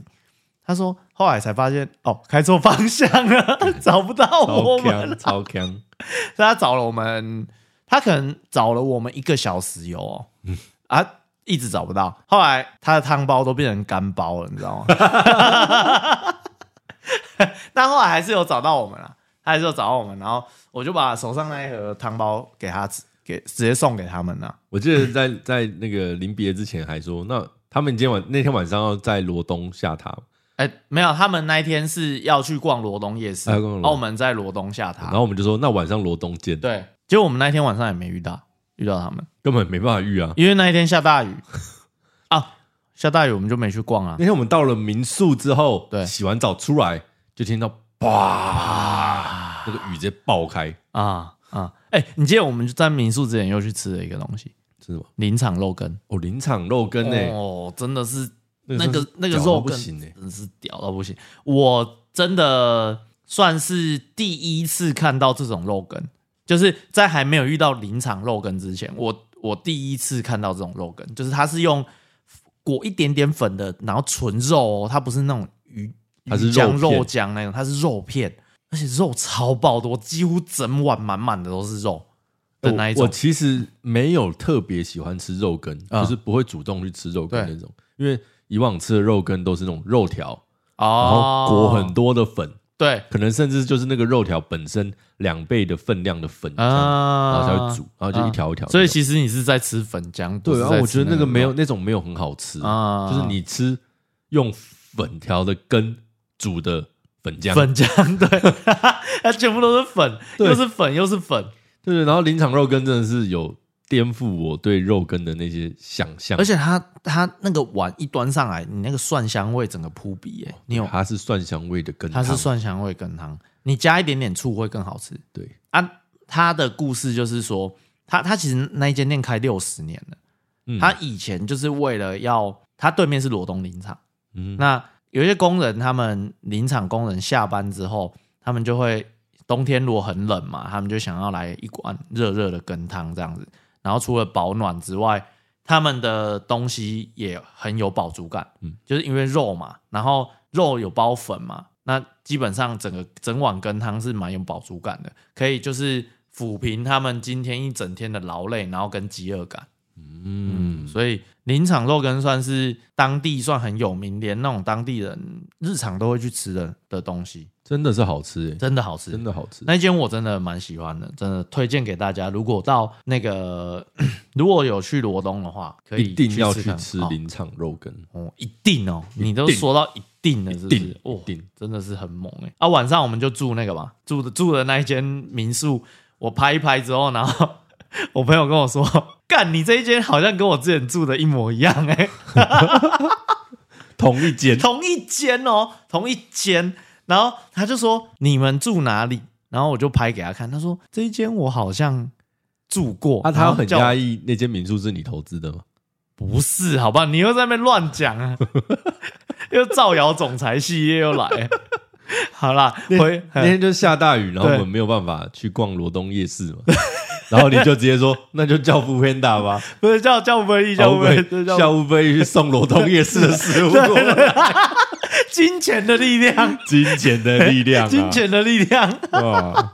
[SPEAKER 1] 他說後來才發現哦，開錯方向了，嗯、 (laughs) 找不到我們超，超坑！ (laughs) 所以他找了我們，他可能找了我們一個小時有哦、嗯，啊，一直找不到。後來他的湯包都變成乾包了，你知道嗎？ (laughs) (laughs) 但後來還是有找到我們啊。他也就找我們，然後我就把手上那一盒湯包給他，給直接送給他們了。我記得在在那個臨別之前，還說那他們今天晚那天晚上要在羅東下榻。哎、欸，沒有，他們那天是要去逛羅東夜市，我們在羅東下榻、嗯，然後我們就說那晚上羅東見。對，結果我們那天晚上也沒遇到，遇到他們根本沒辦法遇啊，因為那一天下大雨 (laughs) 啊，下大雨我們就沒去逛啊。那天我們到了民宿之後，對，洗完澡出來就聽到哇。這、那個魚直接爆開啊啊！哎、啊欸，你記得我們就在民宿之前又去吃了一個東西，是什麼？林場肉羹哦，林場肉羹、欸、哦，真的是那個是、那個、那個肉羹、欸。真的真是屌到不行！我真的算是第一次看到這種肉羹，就是在還沒有遇到林場肉羹之前，我我第一次看到這種肉羹，就是它是用裹一點點粉的，然後純肉哦，它不是那種魚，它是肉肉醬那種，它是肉片。而且肉超爆多，我幾乎整碗滿滿的都是肉的那一種我。我其實沒有特別喜歡吃肉羹，啊，就是不會主動去吃肉羹那種。因為以往吃的肉羹都是那種肉條，哦，然後裹很多的粉，對，可能甚至就是那個肉條本身兩倍的分量的粉，啊，然後才會煮，然後就一條一條。所以其實你是在吃粉漿，那個。對，然後、啊、我覺得那個沒有那種沒有很好吃、啊、就是你吃用粉條的羹煮的。粉漿，粉漿，對， (laughs) 它，全部都是粉，又是粉又是粉，對，然後林場肉羹真的是有顛覆我對肉羹的那些想象，而且它它那個碗一端上來，你那個蒜香味整個撲鼻，哎，你有？它是蒜香味的羹，它是蒜香味羹湯，你加一點點醋會更好吃。對，啊，它的故事就是說，它它其實那一間店開六十年了，嗯，它以前就是為了要，它對面是羅東林場，嗯，那。有些工人，他們林場工人下班之後，他們就會冬天如果很冷嘛，他們就想要來一罐熱熱的羹湯這樣子。然後除了保暖之外，他們的東西也很有飽足感，嗯，就是因為肉嘛，然後肉有包粉嘛，那基本上整個整碗羹湯是蠻有飽足感的，可以就是撫平他們今天一整天的勞累，然後跟飢餓感。嗯，嗯，所以林場肉羹算是當地算很有名，連那種當地人日常都會去吃的的東西，真的是好吃、欸，真的好吃、欸，真的好吃、欸。那一間我真的蠻喜歡的，真的推薦給大家。如果到那個 (coughs) 如果有去羅東的話，可以一定要去，可去吃林場肉羹哦，一定哦一定，你都說到一定了，一定哦一定，真的是很猛誒、欸。啊，晚上我們就住那個吧，住的住的那一間民宿，我拍一拍之後呢。然後我朋友跟我說：“幹，你這一間好像跟我之前住的一模一樣，哎，同一間，同一間哦，同一間。”然後他就說：“你們住哪裡？”然後我就拍給他看，他說：“這一間我好像住過。”那他很在意那間民宿是你投資的嗎？不是，好吧，你又在那邊亂講啊， (laughs) 又造謠，總裁系列又來。 (laughs) 好啦，回那天就下大雨，然後我們沒有辦法去逛羅東夜市嘛，然後你就直接說，那就叫 foodpanda 吧，不是叫叫 Uber Eats，叫 Uber Eats，叫 Uber Eats 去送羅東夜市的食物過來，對,對,對,對,啊、對，金錢的力量、啊，金錢的力量，金錢的力量，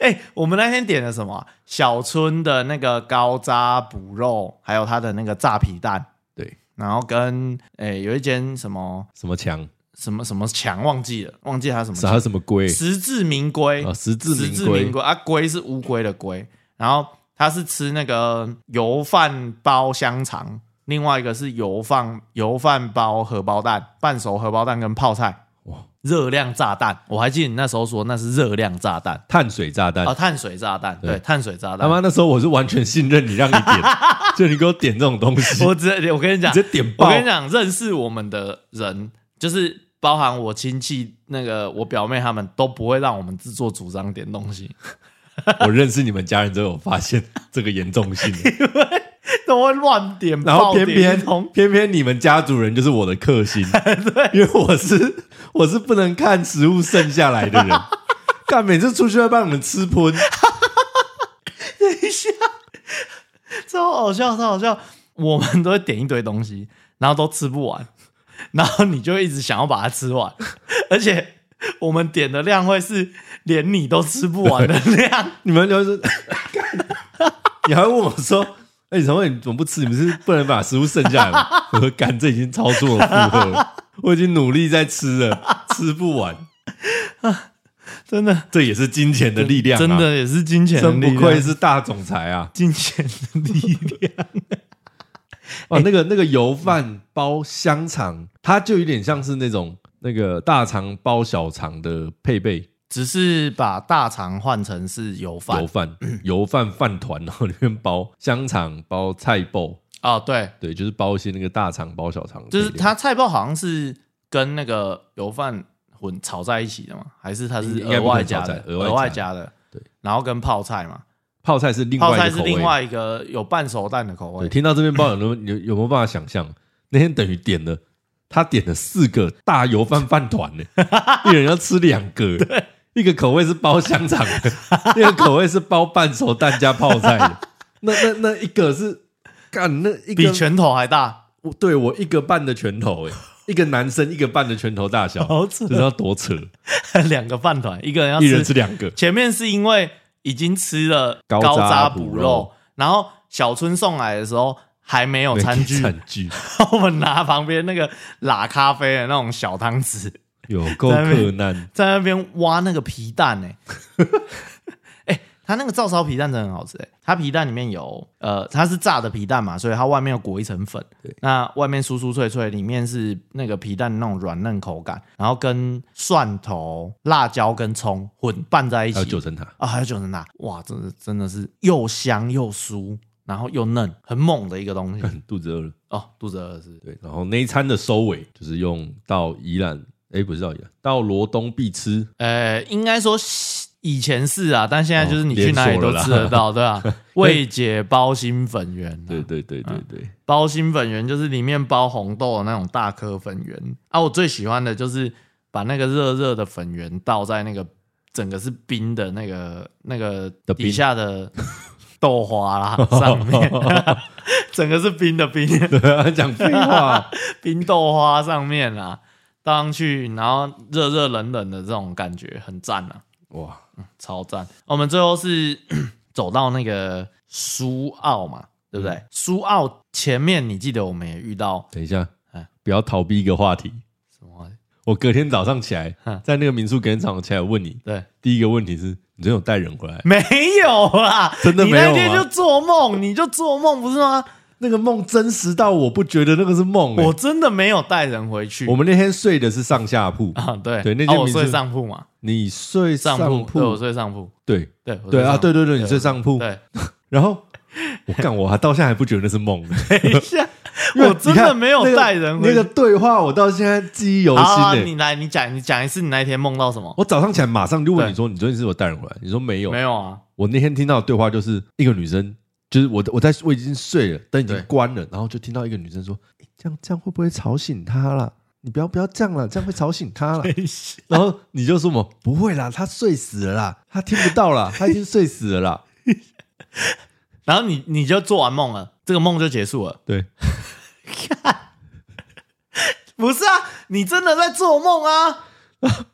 [SPEAKER 1] 哎，我們那天點了什麼、啊？小春的那個糕渣卜肉，還有他的那個炸皮蛋，對，然後跟哎、欸、有一間什麼什麼牆。什麼什麼強，忘記了，忘記他什麼啥什麼龜，實至名歸啊，實至實至名歸啊，龜是烏龜的龜，然後他是吃那個油飯包香腸，另外一個是油飯油飯包荷包蛋，半熟荷包蛋跟泡菜，哇，熱量炸彈！我還記得你那時候說那是熱量炸彈，碳水炸彈啊、哦，碳水炸彈對，對，碳水炸彈。他媽那時候我是完全信任你，讓你點， (laughs) 就你給我點這種東西，我只我跟你講你直接點爆，我跟你講，認識我們的人就是。包含我親戚那個我表妹，他們都不會讓我們自作主張點東西。我認識你們家人之後，我發現這個嚴重性，都會亂點。然後偏偏偏偏你們家族人就是我的剋星，因為我是我是不能看食物剩下來的人。看每次出去要被你們吃，噴。等一下，超好笑，超好笑！我們都會點一堆東西，然後都吃不完。然後你就一直想要把它吃完，而且我們點的量會是連你都吃不完的量。你們就是，你還問我說：“哎，陳慧，你怎麼不吃？你們是不能把食物剩下來嗎？”我說：“幹，這已經超出了負荷了，我已經努力在吃了，吃不完啊！真的，這也是金錢的力量啊，真的，真的也是金錢的力量，真不愧是大總裁啊！金錢的力量。”欸、哦，那個那個油飯包香腸，它就有點像是那種那個大腸包小腸的配備，只是把大腸換成是油飯油飯、嗯、油飯飯糰，然後裡面包香腸包菜脯。啊、哦，對對，就是包一些那個大腸包小腸，就是它菜脯好像是跟那個油飯混炒在一起的嘛，還是它是額外加的額外加的。對，然後跟泡菜嘛。泡菜,泡菜是另外一個有半熟蛋的口味對。聽到這邊包友有有,有沒有辦法想象？那天等於點了他點了四個大油飯飯糰呢， (laughs) 一人要吃兩個。一個口味是包香腸， (laughs) 一個口味是包半熟蛋加泡菜的 (laughs) 那。那那一是那一個，是幹那一個比拳頭還大。我對我一個半的拳頭、欸、一個男生一個半的拳頭大小，這、 (laughs) 就是、要多扯？ (laughs) 兩個飯糰，一個人要吃,一人吃兩個。前面是因為。已經吃了高渣補肉，肉，然後小春送來的時候還沒有餐具，餐具 (laughs) 我們拿旁邊那個喇咖啡的那種小湯匙，有夠困難，在那邊挖那個皮蛋呢、欸。 (laughs) 它那個照燒皮蛋真的很好吃誒、欸，它皮蛋裡面有呃，它是炸的皮蛋嘛，所以它外面有裹一層粉，對，那外面酥酥脆脆，裡面是那個皮蛋那種軟嫩口感，然後跟蒜頭、辣椒跟蔥混拌在一起，還有九層塔啊、哦，還有九層塔，哇，真的真的是又香又酥，然後又嫩，很猛的一個東西。 (laughs) 肚子餓了哦，肚子餓了是，對，然後那一餐的收尾就是用到宜蘭，哎，不是到宜蘭，到羅東必吃，呃，應該說。以前是啊，但現在就是你去哪裡都吃得到，哦，對吧，啊？味姐包心粉圓，啊，對對對對對，對，啊，包心粉圓就是裡面包紅豆的那種大顆粉圓啊。我最喜歡的就是把那個熱熱的粉圓倒在那個整個是冰的那個那個底下的豆花啦上面，整個是冰的冰，講廢、啊、話，冰豆花上面啊，倒上去，然後熱熱冷冷的這種感覺很讚啊，哇！嗯，超讚！我們最後是走到那個蘇澳嘛，對不對？嗯，蘇澳前面，你記得我們也遇到。等一下，哎，不要逃避一個話題。什麼話題？我隔天早上起來，哈，在那個民宿，隔天早上起來問你。對，第一個問題是，你真有沒有帶人回來？沒有啦，真的沒有。你那天就做夢，你就做夢，不是嗎？那個夢真實到我不覺得那個是夢。欸，我真的沒有帶人回去。我們那天睡的是上下鋪啊，對對，那天、啊、我睡上鋪嘛，你睡上鋪，我睡上鋪，對對對啊，對對對，你睡上鋪，對。然後我看我還到現在還不覺得那是夢， (laughs) 我真的沒有帶人回去。回、那個、那個對話我到現在記憶猶新。欸啊。你來，你講，你講一次，你那一天夢到什麼？我早上起來馬上就問你說，你昨天是不是帶人回來？你說沒有，沒有啊。我那天聽到的對話就是一個女生。就是我，我在我已經睡了，燈已經關了，然後就聽到一個女生說：“欸、這樣這樣會不會吵醒她了？你不要不要這樣了，這樣會吵醒她了。 (laughs) ”然後你就說：“我、啊、不會啦，她睡死了，啦，她聽不到了，她已經睡死了。”啦。 (laughs) 然後你你就做完夢了，這個夢就結束了。對， (laughs) 不是啊，你真的在做夢啊！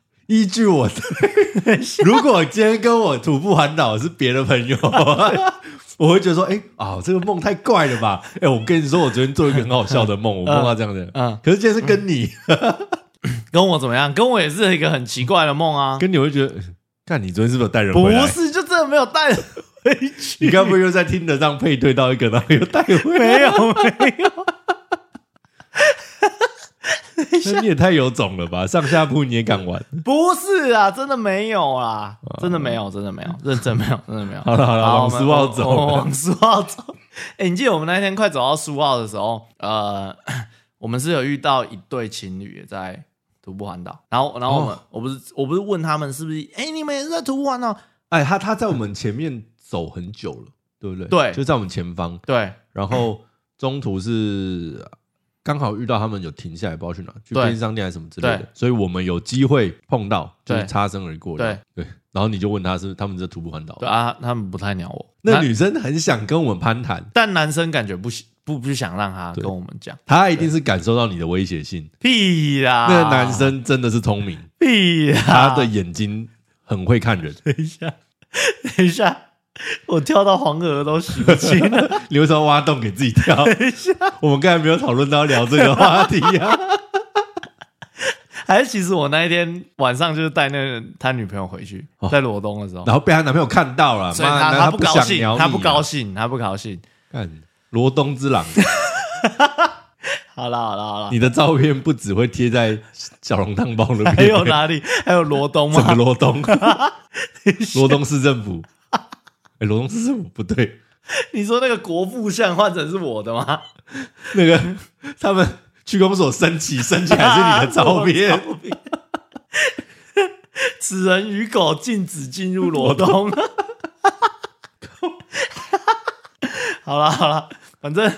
[SPEAKER 1] (laughs) 依據我 (laughs) (laughs) 如果今天跟我徒步環島是別的朋友。 (laughs) (laughs) 我會覺得說，哎啊、哦，這個夢太怪了吧？哎，我跟你說，我昨天做了一個很好笑的夢， (laughs) 嗯、我夢到這樣子。嗯，可是今天是跟你，哈哈哈， (laughs) 跟我怎麼樣？跟我也是一個很奇怪的夢啊。跟你會覺得，看你昨天是不是有帶人回來？不是，就真的沒有帶人回去。你剛不又在聽的上配對到一個呢，有帶回去。 (laughs) 沒有，沒有。 (laughs) 那 (laughs) 你也太有種了吧！上下鋪你也敢玩？不是啊，真的沒有啊，真的沒有，真的沒有，認真沒有，真的沒有。 (laughs) 好了好了，往蘇澳走，我們往蘇澳走，蘇澳走。哎，你記得我們那天快走到蘇澳的時候，呃，我們是有遇到一對情侶在徒步環島，然後然後我們、哦、我不是我不是問他們是不是？哎、欸，你們也是在徒步環島？哎、欸，他他在我們前面走很久了，對不對？對，就在我們前方。對，然後中途是。剛好遇到他們有停下來，不知道去哪，去便利商店還是什麼之類的，所以我們有機會碰到，就是擦身而過。對，然後你就問他是他們這徒步環島，對啊，他們不太鳥我。那女生很想跟我們攀談，但男生感覺不不不想讓她跟我們講，他一定是感受到你的威脅性。屁啦！那個男生真的是聰明，屁啦！他的眼睛很會看人。等一下，等一下。我跳到黃河都洗不清了， (laughs) 你會挖洞給自己跳？等一下，我們剛才沒有討論到聊這個話題啊。 (laughs) 還是其實我那一天晚上就是帶那個他女朋友回去，在羅東的時候、哦，然後被她男朋友看到了、哦，所以他，他不高興，她不，不高興，她不高興。看羅東之狼。 (laughs) 好了好了好了，你的照片不只會貼在小籠湯包的，還有哪裡？還有羅東嗎？羅東， (laughs) 羅東市政府。羅、羅東是我不對？你說那個國父像換成是我的嗎？ (laughs) 那個他們區公所升旗升旗還是你的照片？啊、 (laughs) 此人與狗禁止進入羅東。東 (laughs) 好了好了，反正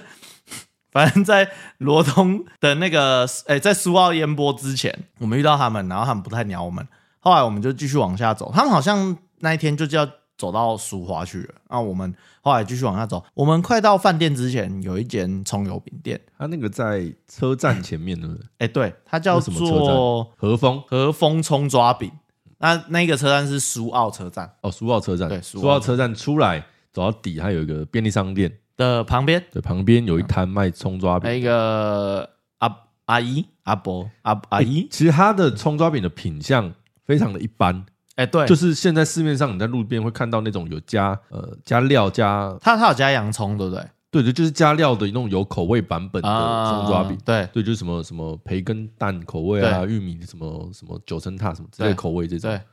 [SPEAKER 1] 反正在羅東的那個誒、欸，在蘇澳煙波之前，我們遇到他們，然後他們不太鳥我們。後來我們就繼續往下走，他們好像那一天就叫。走到蘇花去了。那我們後來繼續往下走。我們快到飯店之前，有一間蔥油餅店。它那個在車站前面，對不對？哎、欸，對，它叫做什麼？車站？和風和風蔥抓餅。那那個車站是蘇澳車站哦，蘇澳車站。對，蘇澳車站。蘇澳車站出來走到底，還有一個便利商店的旁邊。對，旁邊有一攤賣蔥抓餅，那一個阿阿姨、阿伯、阿阿姨、欸。其實他的蔥抓餅的品相非常的一般。欸、對，就是現在市面上你在路邊會看到那種有加呃加料加它它有加洋蔥，對不對？對的，就是加料的那種有口味版本的手、嗯、抓餅、嗯。對，對，就是什麼什麼培根蛋口味啊，玉米什麼什麼九層塔什麼之類的口味這種，對。對，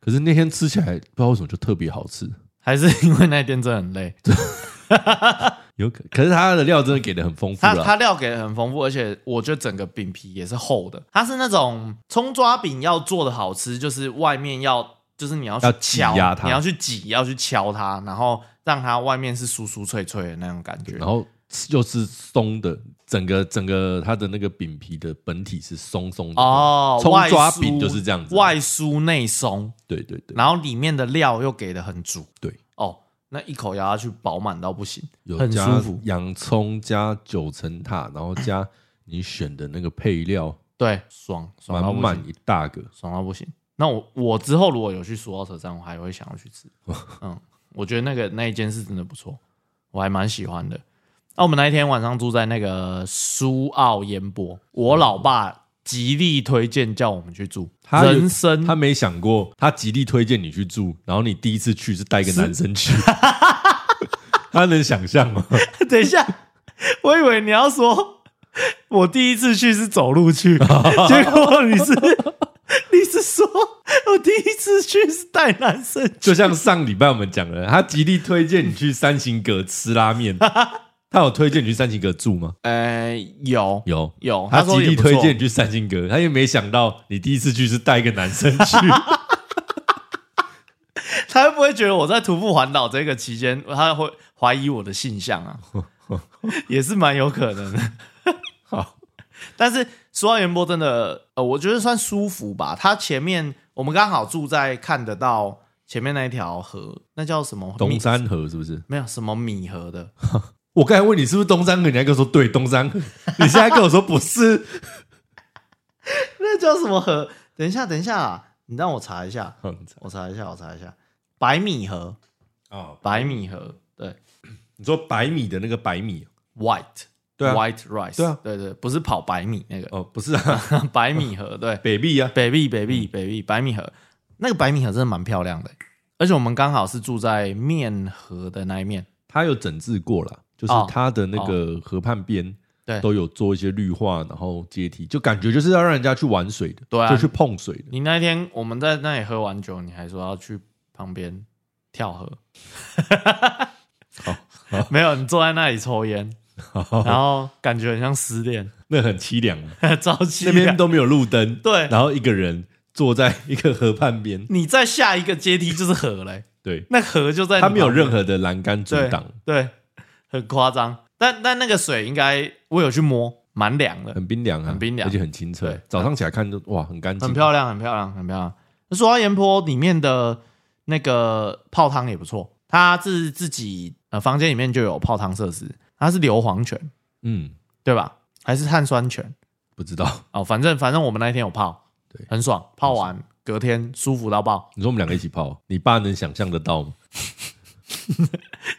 [SPEAKER 1] 可是那天吃起來不知道為什麼就特別好吃，還是因為那天真的很累。有可，可是它的料真的給的很豐富啦。它它料給的很豐富，而且我覺得整個餅皮也是厚的。它是那種蔥抓餅要做的好吃，就是外面要，就是你要去敲，要敲它，你要去擠，要去敲它，然後讓它外面是酥酥脆脆的那種感覺，然後又是鬆的，整個整個它的那個餅皮的本體是松松的哦。蔥抓餅就是這樣子，外酥內鬆，對，對對對。然後裡面的料又給的很足，對。那一口咬下去，飽滿到不行，很舒服。洋蔥加九層塔，然後加你選的那個配料， (coughs) 對，爽，爽到不行，滿滿一大個，爽到不行。那我我之後如果有去蘇澳車站，我還會想要去吃。 (laughs) 嗯，我覺得那個那一間是真的不錯，我還蠻喜歡的。那、啊、我們那一天晚上住在那個蘇澳煙波，我老爸，極力推薦叫我們去住，人生他沒想過，他極力推薦你去住，然後你第一次去是帶一個男生去， (laughs) 他能想象嗎？等一下，我以為你要說，我第一次去是走路去， (laughs) 結果你是你是說，我第一次去是帶男生去，就像上禮拜我們講的，他極力推薦你去三星閣吃拉麵。 (laughs) 他有推薦你去三星閣住嗎？呃，有有有，他極力推薦你去三星閣，他又沒想到你第一次去是帶一個男生去 (laughs) (laughs) 他會不會覺得我在徒步環島這個期間，他會懷疑我的性向啊， (laughs) 也是蠻有可能的。 (laughs) 好，但是說到元波，真的呃，我覺得算舒服吧。他前面我們剛好住在看得到前面那一條河，那叫什麼？冬山河是不是？沒有什麼米河的。 (laughs) 我剛才問你是不是冬山河？你跟剛說對冬山，你現在跟我說不是 (laughs) (laughs) 那叫什麼河？等一下，等一下啊！你讓我查一下，嗯、查我查一下，我查一下。白米河哦白米，白米河。對，你說白米的那個白米，啊、，white，white，啊、white rice，對，啊、對，對，對不是跑百米那個哦，不是啊，白 (laughs) 米河對，呃、北壁啊，北壁，北壁，嗯，北壁，白米河，那個白米河真的蠻漂亮的，欸，而且我們剛好是住在面河的那一面，它有整治過了。就是它的那個河畔邊，對，都有做一些綠化，然後階梯，就感覺就是要讓人家去玩水的，對，就去碰水的、哦哦啊。你那天我們在那裡喝完酒，你還說要去旁邊跳河、 (laughs) 哦，哈哈哈哈哈！沒有，你坐在那裡抽菸，然後感覺很像失戀，那很淒涼，早期，那邊都沒有路燈， (laughs) 對，然後一個人坐在一個河畔邊，你在下一個階梯就是河嘞、欸，對，那河就在，它沒有任何的欄杆阻擋，對。對很誇張，但但那個水應該我有去摸，蠻涼的，很冰涼啊，很冰涼，而且很清脆。早上起來看就，哇，很乾淨啊，很漂亮，很漂亮，很漂亮。蘇花岩坡裡面的那個泡湯也不錯，他是自己呃房間裡面就有泡湯設施，它是硫磺泉，嗯，對吧？還是碳酸泉？不知道哦，反正反正我們那一天有泡，對，很爽，泡完隔天舒服到爆。你說我們兩個一起泡，你爸能想象得到嗎？ (laughs)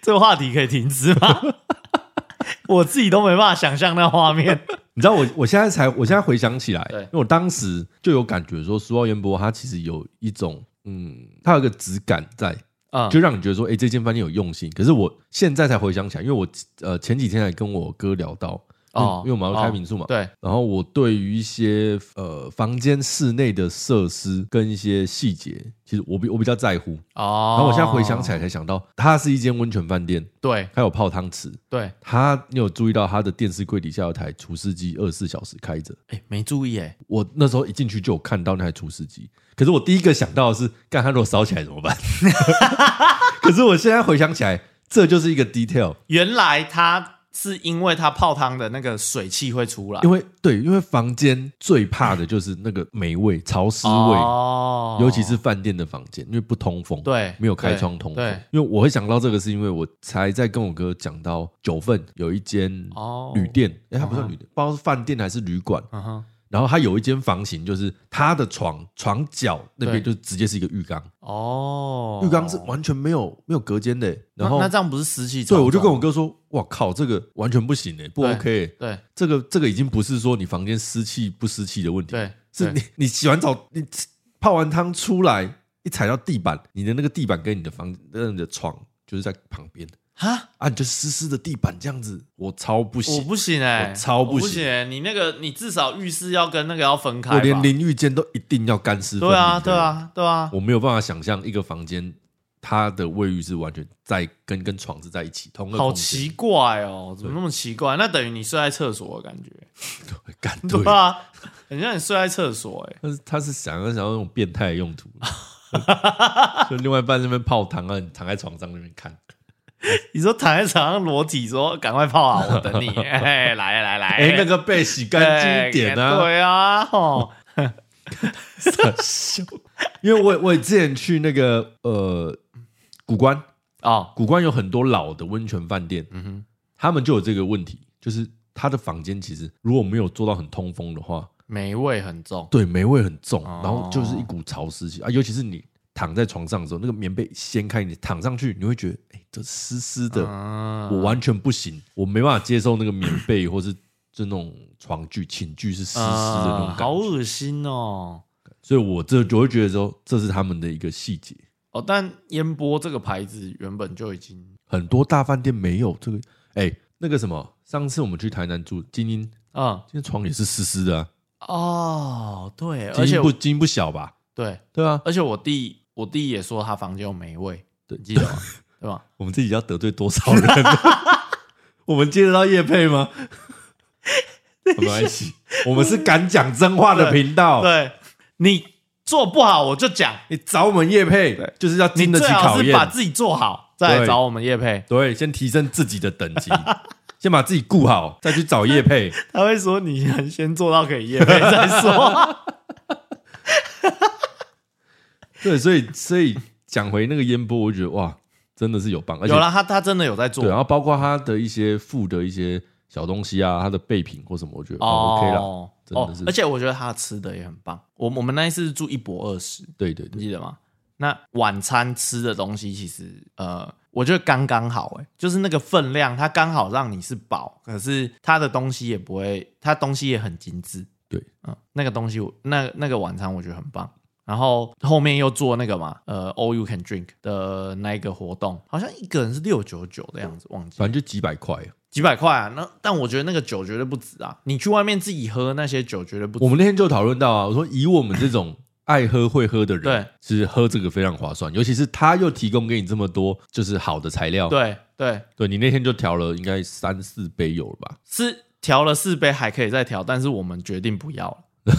[SPEAKER 1] 這個話題可以停止嗎？ (laughs) (laughs) 我自己都沒辦法想象那畫面。 (laughs) 你知道我，我現在才，我現在回想起來，因為我當時就有感覺說，蘇浩淵博他其實有一種，嗯，他有一個質感在啊、嗯，就讓你覺得說，哎、欸，這間飯店有用心。可是我現在才回想起來，因為我呃前幾天也跟我哥聊到。嗯、因為我們要開民宿嘛、哦哦，對。然後我對於一些呃房間室內的設施跟一些細節，其實我比我比較在乎。哦，然後我現在回想起來才想到，它是一間溫泉飯店，對，還有泡湯池，對。它你有注意到它的電視櫃底下有台除濕機，二十四小時開着。哎，沒注意哎，我那時候一進去就有看到那台除濕機，可是我第一個想到的是，幹他如果燒起來怎麼辦？ (laughs) (laughs) (laughs) 可是我現在回想起來，這就是一個 detail。原來他。是因為它泡湯的那個水汽會出來，因為對，因為房間最怕的就是那個霉味、潮濕味、哦、尤其是飯店的房間，因為不通風，對，沒有開窗通風。因為我會想到這個，是因為我才在跟我哥講到九份有一間旅店，哎、哦，它不是旅店，不知道是飯店還是旅館。啊然後他有一間房型，就是他的床床腳那邊就直接是一個浴缸哦，浴缸是完全沒有沒有隔間的、欸。然後那這樣不是濕氣床床？對，我就跟我哥說，哇靠，這個完全不行哎、欸，不 OK 對。對，這個這個已經不是說你房間濕氣不濕氣的問題，對，對是你你洗完澡你泡完湯出來，一踩到地板，你的那個地板跟你的房跟你的床就是在旁邊。啊，啊！你就濕濕的地板這樣子，我超不行，我不行哎、欸，我超不行，我不行、欸。你那個，你至少浴室要跟那個要分開。我連淋浴間都一定要乾濕。對啊，對啊，對啊。我沒有辦法想象一個房間，它的衛浴是完全在跟跟床是在一起，同一個空間。好奇怪哦，怎麼那麼奇怪？那等於你睡在廁所的感覺， (laughs) 對，對啊，好像你睡在廁所哎、欸。但是他是想要想要那種變態的用途 (laughs) 就，就另外一半那邊泡湯啊，你躺在床上那邊看。 (laughs) 你說躺在床上裸體，說趕快泡啊，我等你。哎、 (laughs) 欸，來來來，哎，那個被洗乾淨一點呢？對啊，哈、啊，色修。因為我我也之前去那個呃，谷關啊，谷、哦、關有很多老的溫泉飯店、嗯，他們就有這個問題，就是他的房間其實如果沒有做到很通風的話，霉味很重，對，霉味很重、哦，然後就是一股潮濕氣啊，尤其是你。躺在床上的時候，那個棉被掀開，你躺上去，你會覺得哎、欸，這濕濕的，uh, 我完全不行，我沒辦法接受那個棉被， (coughs) 或是就那種床具、寢具是濕濕的那種感覺，uh, 好噁心哦。Okay, 所以我這就會覺得說，這是他們的一個細節哦。但煙波這個牌子原本就已經很多大飯店沒有這個，哎、欸，那個什麼，上次我們去台南住，晶英啊，今、uh, 天床也是濕濕的哦，啊，oh, 對，而且不晶英不小吧？對，對啊，而且我弟。我弟也說他房間有霉味，對，記得對吧？ (laughs) 我們自己要得罪多少人？ (laughs) (laughs) 我們接得到業配嗎？沒關係， (laughs) 我們是敢講真話的頻道。對，對你做不好，我就講。你找我們業配，就是要經得起考驗。你把自己做好，再來找我們業配。對，先提升自己的等級， (laughs) 先把自己顧好，再去找業配。他會說：“你先做到可以業配再說。 (laughs) ” (laughs) (laughs) 對，所以所以講回那個煙波，我覺得哇，真的是有棒，而且有了他，他真的有在做，對，然後包括他的一些附的一些小東西啊，他的備品或什麼，我覺得、哦哦、OK 啦，真的是、哦。而且我覺得他吃的也很棒。我我們那一次是住一泊二食，對對、對，你記得嗎？那晚餐吃的東西其實呃，我覺得剛剛好、欸，哎，就是那個分量，它剛好讓你是飽，可是它的東西也不會，它東西也很精致。對、呃，嗯，那個東西，那那個晚餐我覺得很棒。然後後面又做那個嘛，呃，All You Can Drink 的那一個活動，好像一個人是六九九的樣子，忘記了，反正就幾百塊，幾百塊啊。那但我覺得那個酒絕對不止啊，你去外面自己喝那些酒絕對不止啊。我們那天就討論到啊，我說以我們這種愛喝會喝的人，對， (laughs) 是喝這個非常划算，尤其是他又提供給你這麼多，就是好的材料。對對對，你那天就調了應該三四杯有了吧？是調了四杯還可以再調，但是我們決定不要了。 (laughs)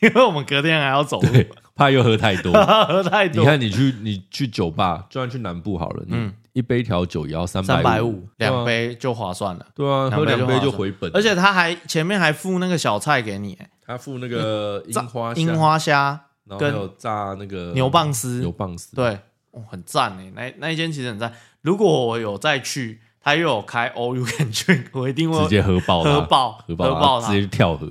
[SPEAKER 1] (laughs) 因為我們隔天還要走，對，怕又喝太多 (laughs) 呵呵，喝太多。你看你去，你去酒吧，就算去南部好了，嗯，一杯調酒也要三百五，三百五，兩杯就划算了。對啊，啊、喝兩杯就，就回本。而且他還前面還附那個小菜給你，他附那個櫻花櫻花蝦，然後還有炸那個炸牛蒡絲，牛蒡絲，對，哦，很贊誒，那那一間其實很贊。如果我有再去，他又有開 All You Can Drink，我一定會直接喝爆，爆，喝爆，喝爆，直接跳河。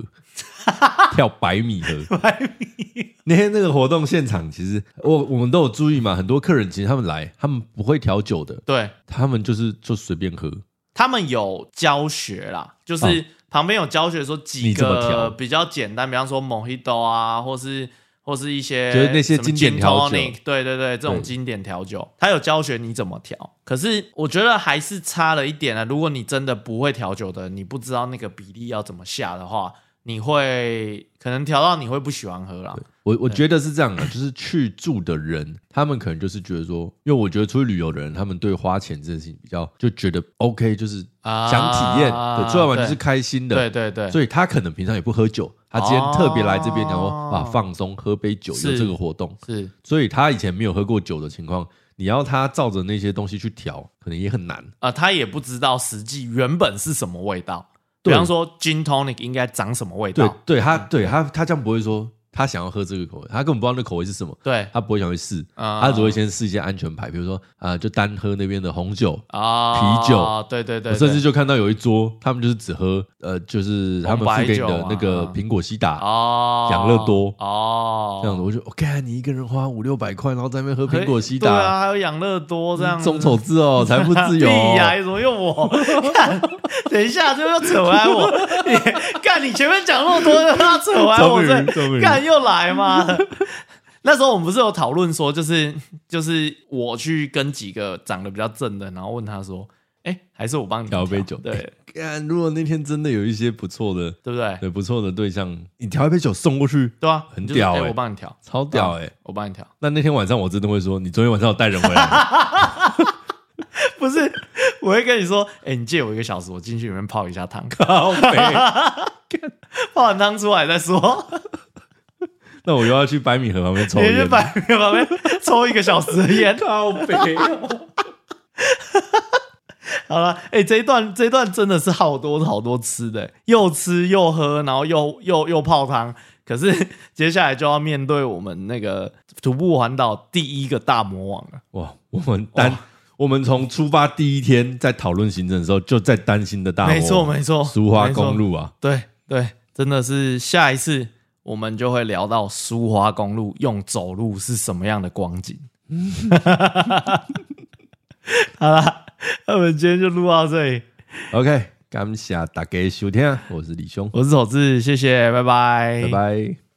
[SPEAKER 1] (laughs) 跳百白米喝百， (laughs) 米，那天那個活動現場，其實我我們都有注意嘛。很多客人其實他們來，他們不會調酒的，對他們就是就隨便喝。他們有教學啦，就是旁邊有教學說幾個、哦、比較簡單，比方說 mojito 啊，或是或是一些就是那些經典 gintonic, 調酒、啊，對對對，這種經典調酒、嗯，他有教學你怎麼調。可是我覺得還是差了一點啊。如果你真的不會調酒的，你不知道那個比例要怎麼下的話。你會可能調到你會不喜歡喝了。我我覺得是這樣的， (coughs) 就是去住的人，他們可能就是覺得說，因為我覺得出去旅遊的人，他們對花錢這件事情比較就覺得 OK，就是想體驗，對，出來玩就是開心的，對對對、對、對、對。所以他可能平常也不喝酒，他今天特別來這邊，啊、然後啊放鬆，喝杯酒有這個活動，是。所以他以前沒有喝過酒的情況，你要他照着那些東西去調，可能也很難啊。他也不知道實際原本是什麼味道。比方說，Gin Tonic 應該長什麼味道對？對，他，嗯、對他，他這樣不會說。他想要喝這個口味，他根本不知道那個口味是什麼。對，他不會想去試、嗯，他只會先試一些安全牌，比如說啊、呃，就單喝那邊的紅酒、哦、啤酒。對對對對，我甚至就看到有一桌，他們就是只喝呃，就是他們付給你的那個蘋果西打、啊嗯蘋果西打哦、養樂多、哦、這樣子我就，得、哦、OK，你一個人花五六百塊，然後在那邊喝蘋果西打，欸對啊、還有養樂多這樣子，中丑字哦，財富自由，你 (laughs) 呀、啊，有什麼用我？我， (laughs) 等一下，這又扯歪我，看， (laughs) (laughs) 你前面講那麼多，他扯歪我， (laughs) 又來嘛？那時候我們不是有討論說，就是就是我去跟幾個長得比較正的，然後問他說：“哎、欸，還是我幫你調一杯酒？”對、欸，如果那天真的有一些不錯的，對不對？對不錯的對象，你調一杯酒送過去，對啊，很屌哎、欸就是欸，我幫你調，超屌哎、欸，我幫你調。那那天晚上我真的會說，你昨天晚上帶人回來？不是，我會跟你說，哎、欸，你借我一個小時，我進去裡面泡一下湯、欸、泡完湯出來再說。那我又要去百米河旁邊抽百米河旁邊 (laughs) 抽一個小時的煙、啊， (laughs) 好肥哦！好了，這一段這一段真的是好多好多吃的，又吃又喝，然後又又又泡湯。可是接下來就要面對我們那個徒步環島第一個大魔王了、啊。哇，我們擔我們從出發第一天在討論行程的時候就在擔心的大魔王。沒錯沒錯，蘇花公路啊，對對，真的是下一次。我們就會聊到蘇花公路用走路是什麼樣的光景。 (laughs) 好啦，我們今天就錄到這裡。OK，感謝大家收聽，我是李兄，我是侯志，謝謝，拜拜，拜拜。